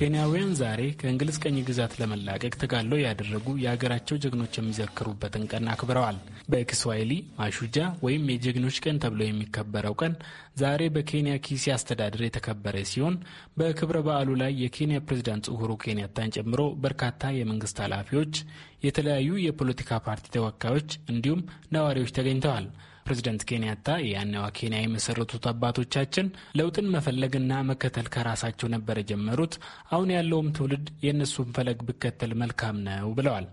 ኬንያውያን ዛሬ ከእንግሊዝ ቀኝ ግዛት ለመላቀቅ ተጋድሎ ያደረጉ የሀገራቸው ጀግኖች የሚዘክሩበትን ቀን አክብረዋል። በኪስዋሂሊ ማሹጃ ወይም የጀግኖች ቀን ተብሎ የሚከበረው ቀን ዛሬ በኬንያ ኪሲ አስተዳደር የተከበረ ሲሆን በክብረ በዓሉ ላይ የኬንያ ፕሬዝዳንት ኡሁሩ ኬንያታን ጨምሮ በርካታ የመንግስት ኃላፊዎች፣ የተለያዩ የፖለቲካ ፓርቲ ተወካዮች እንዲሁም ነዋሪዎች ተገኝተዋል። ፕሬዚደንት ኬንያታ ያኔዋ ኬንያ የመሰረቱት አባቶቻችን ለውጥን መፈለግና መከተል ከራሳቸው ነበር የጀመሩት። አሁን ያለውም ትውልድ የእነሱን ፈለግ ብከተል መልካም ነው ብለዋል።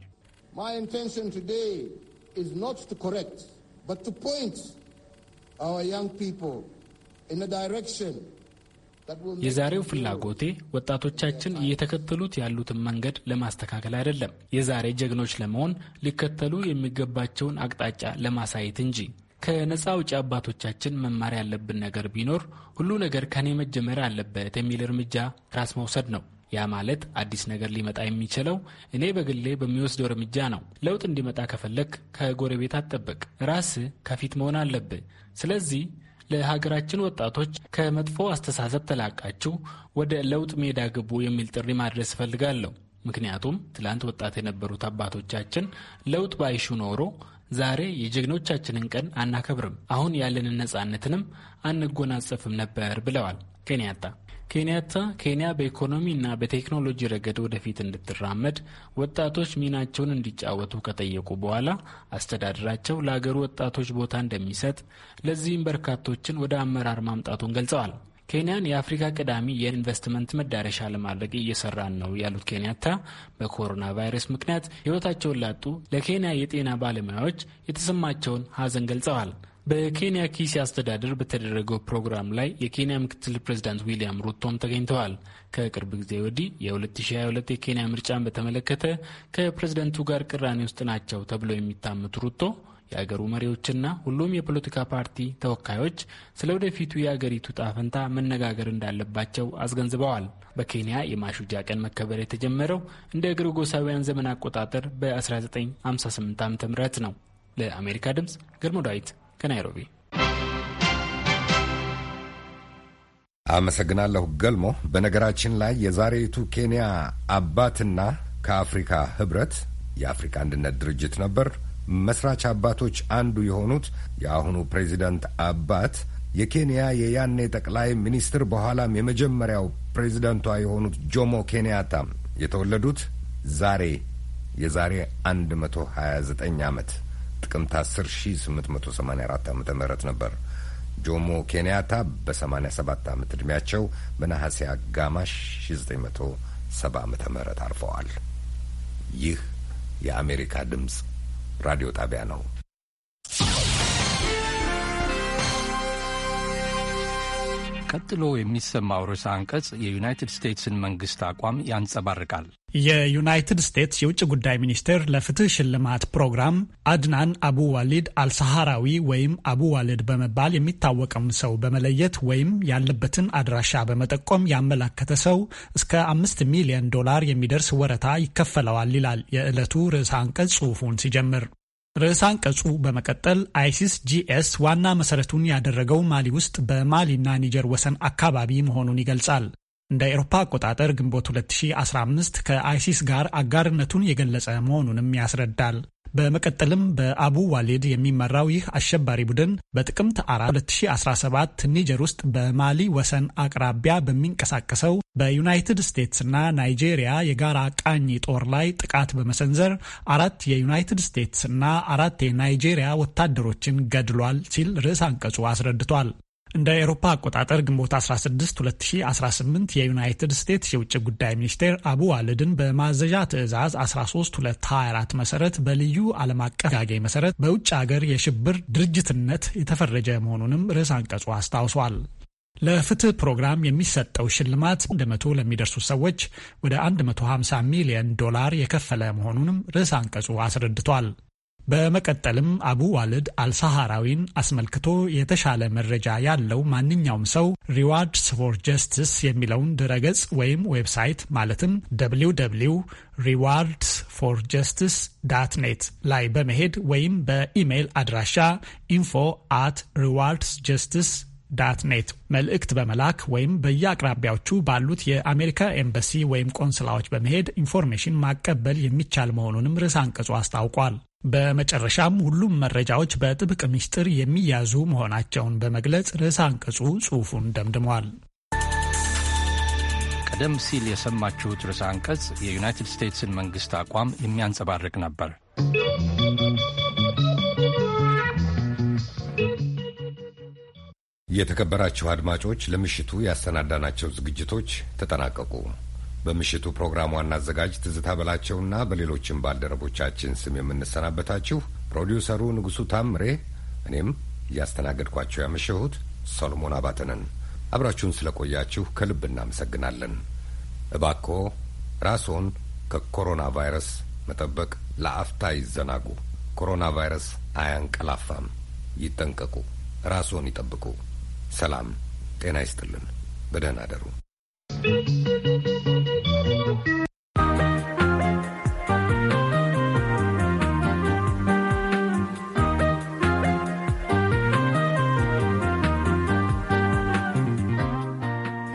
የዛሬው ፍላጎቴ ወጣቶቻችን እየተከተሉት ያሉትን መንገድ ለማስተካከል አይደለም፣ የዛሬ ጀግኖች ለመሆን ሊከተሉ የሚገባቸውን አቅጣጫ ለማሳየት እንጂ ከነፃ አውጪ አባቶቻችን መማር ያለብን ነገር ቢኖር ሁሉ ነገር ከኔ መጀመር አለበት የሚል እርምጃ ራስ መውሰድ ነው። ያ ማለት አዲስ ነገር ሊመጣ የሚችለው እኔ በግሌ በሚወስደው እርምጃ ነው። ለውጥ እንዲመጣ ከፈለክ ከጎረቤት አትጠበቅ፣ ራስ ከፊት መሆን አለብህ። ስለዚህ ለሀገራችን ወጣቶች ከመጥፎ አስተሳሰብ ተላቃችሁ ወደ ለውጥ ሜዳ ግቡ የሚል ጥሪ ማድረስ እፈልጋለሁ። ምክንያቱም ትላንት ወጣት የነበሩት አባቶቻችን ለውጥ ባይሹ ኖሮ ዛሬ የጀግኖቻችንን ቀን አናከብርም፣ አሁን ያለንን ነጻነትንም አንጎናጸፍም ነበር ብለዋል ኬንያታ። ኬንያታ ኬንያ በኢኮኖሚና በቴክኖሎጂ ረገድ ወደፊት እንድትራመድ ወጣቶች ሚናቸውን እንዲጫወቱ ከጠየቁ በኋላ አስተዳደራቸው ለአገሩ ወጣቶች ቦታ እንደሚሰጥ፣ ለዚህም በርካቶችን ወደ አመራር ማምጣቱን ገልጸዋል። ኬንያን የአፍሪካ ቀዳሚ የኢንቨስትመንት መዳረሻ ለማድረግ እየሰራን ነው ያሉት ኬንያታ በኮሮና ቫይረስ ምክንያት ሕይወታቸውን ላጡ ለኬንያ የጤና ባለሙያዎች የተሰማቸውን ሐዘን ገልጸዋል። በኬንያ ኪሲ አስተዳደር በተደረገው ፕሮግራም ላይ የኬንያ ምክትል ፕሬዚዳንት ዊሊያም ሩቶም ተገኝተዋል። ከቅርብ ጊዜ ወዲህ የ2022 የኬንያ ምርጫን በተመለከተ ከፕሬዝደንቱ ጋር ቅራኔ ውስጥ ናቸው ተብሎ የሚታመቱ ሩቶ የአገሩ መሪዎችና ሁሉም የፖለቲካ ፓርቲ ተወካዮች ስለ ወደፊቱ የአገሪቱ ጣፈንታ መነጋገር እንዳለባቸው አስገንዝበዋል። በኬንያ የማሹጃ ቀን መከበር የተጀመረው እንደ ግሪጎሳውያን ዘመን አቆጣጠር በ1958 ዓ ም ነው። ለአሜሪካ ድምፅ ገልሞ ዳዊት ከናይሮቢ አመሰግናለሁ ገልሞ። በነገራችን ላይ የዛሬቱ ኬንያ አባትና ከአፍሪካ ህብረት የአፍሪካ አንድነት ድርጅት ነበር። መስራች አባቶች አንዱ የሆኑት የአሁኑ ፕሬዚደንት አባት የኬንያ የያኔ ጠቅላይ ሚኒስትር በኋላም የመጀመሪያው ፕሬዚደንቷ የሆኑት ጆሞ ኬንያታ የተወለዱት ዛሬ የዛሬ 129 ዓመት ጥቅምት 10 1884 ዓ ም ነበር። ጆሞ ኬንያታ በ87 ዓመት ዕድሜያቸው በነሐሴ አጋማሽ 1970 ዓ ም አርፈዋል። ይህ የአሜሪካ ድምፅ ራዲዮ ጣቢያ ነው። ቀጥሎ የሚሰማው ርዕሰ አንቀጽ የዩናይትድ ስቴትስን መንግስት አቋም ያንጸባርቃል። የዩናይትድ ስቴትስ የውጭ ጉዳይ ሚኒስቴር ለፍትህ ሽልማት ፕሮግራም አድናን አቡ ዋሊድ አልሳሃራዊ ወይም አቡ ዋሊድ በመባል የሚታወቀውን ሰው በመለየት ወይም ያለበትን አድራሻ በመጠቆም ያመላከተ ሰው እስከ አምስት ሚሊዮን ዶላር የሚደርስ ወረታ ይከፈለዋል ይላል የዕለቱ ርዕሰ አንቀጽ ጽሑፉን ሲጀምር ርዕሰ አንቀጹ በመቀጠል አይሲስ ጂኤስ ዋና መሰረቱን ያደረገው ማሊ ውስጥ በማሊና ኒጀር ወሰን አካባቢ መሆኑን ይገልጻል። እንደ ኤሮፓ አቆጣጠር ግንቦት 2015 ከአይሲስ ጋር አጋርነቱን የገለጸ መሆኑንም ያስረዳል። በመቀጠልም በአቡ ዋሊድ የሚመራው ይህ አሸባሪ ቡድን በጥቅምት 4 2017 ኒጀር ውስጥ በማሊ ወሰን አቅራቢያ በሚንቀሳቀሰው በዩናይትድ ስቴትስና ናይጄሪያ የጋራ ቃኝ ጦር ላይ ጥቃት በመሰንዘር አራት የዩናይትድ ስቴትስ እና አራት የናይጄሪያ ወታደሮችን ገድሏል ሲል ርዕስ አንቀጹ አስረድቷል። እንደ ኤሮፓ አቆጣጠር ግንቦት 16 2018 የዩናይትድ ስቴትስ የውጭ ጉዳይ ሚኒስቴር አቡ ዋልድን በማዘዣ ትዕዛዝ 13224 መሰረት በልዩ ዓለም አቀፍ ጋጌ መሰረት በውጭ አገር የሽብር ድርጅትነት የተፈረጀ መሆኑንም ርዕስ አንቀጹ አስታውሷል። ለፍትህ ፕሮግራም የሚሰጠው ሽልማት 100 ለሚደርሱ ሰዎች ወደ 150 ሚሊዮን ዶላር የከፈለ መሆኑንም ርዕስ አንቀጹ አስረድቷል። በመቀጠልም አቡ ዋልድ አልሳሃራዊን አስመልክቶ የተሻለ መረጃ ያለው ማንኛውም ሰው ሪዋርድስ ፎር ጀስቲስ የሚለውን ድረገጽ ወይም ዌብሳይት ማለትም ደብሊው ደብሊው ሪዋርድስ ፎር ጀስቲስ ዳት ኔት ላይ በመሄድ ወይም በኢሜይል አድራሻ ኢንፎ አት ሪዋርድስ ጀስቲስ ዳት ኔት መልእክት በመላክ ወይም በየአቅራቢያዎቹ ባሉት የአሜሪካ ኤምባሲ ወይም ቆንስላዎች በመሄድ ኢንፎርሜሽን ማቀበል የሚቻል መሆኑንም ርዕስ አንቀጹ አስታውቋል። በመጨረሻም ሁሉም መረጃዎች በጥብቅ ምስጢር የሚያዙ መሆናቸውን በመግለጽ ርዕሰ አንቀጹ ጽሑፉን ደምድመዋል። ቀደም ሲል የሰማችሁት ርዕሰ አንቀጽ የዩናይትድ ስቴትስን መንግሥት አቋም የሚያንጸባርቅ ነበር። የተከበራችሁ አድማጮች ለምሽቱ ያሰናዳናቸው ዝግጅቶች ተጠናቀቁ። በምሽቱ ፕሮግራም ዋና አዘጋጅ ትዝታ በላቸውና በሌሎችም ባልደረቦቻችን ስም የምንሰናበታችሁ ፕሮዲውሰሩ ንጉሡ ታምሬ፣ እኔም እያስተናገድኳቸው ያመሸሁት ሰሎሞን አባተነን። አብራችሁን ስለቆያችሁ ከልብ እናመሰግናለን። እባክዎ ራስዎን ከኮሮና ቫይረስ መጠበቅ ለአፍታ ይዘናጉ። ኮሮና ቫይረስ አያንቀላፋም። ይጠንቀቁ፣ ራስዎን ይጠብቁ። ሰላም ጤና ይስጥልን። በደህና አደሩ።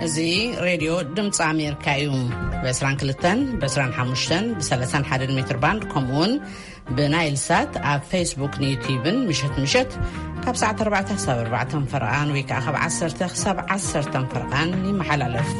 እዚ ሬድዮ ድምፂ ኣሜሪካ እዩ ብ22 ብ25 ብ31 ሜትር ባንድ ከምኡውን ብናይልሳት ኣብ ፌስቡክ ንዩቲብን ምሸት ምሸት ካብ ሰዓት 4 ሳብ 4 ፍርቃን ወይ ከዓ ካብ 1 ሳብ 1 ፍርቃን ይመሓላለፍ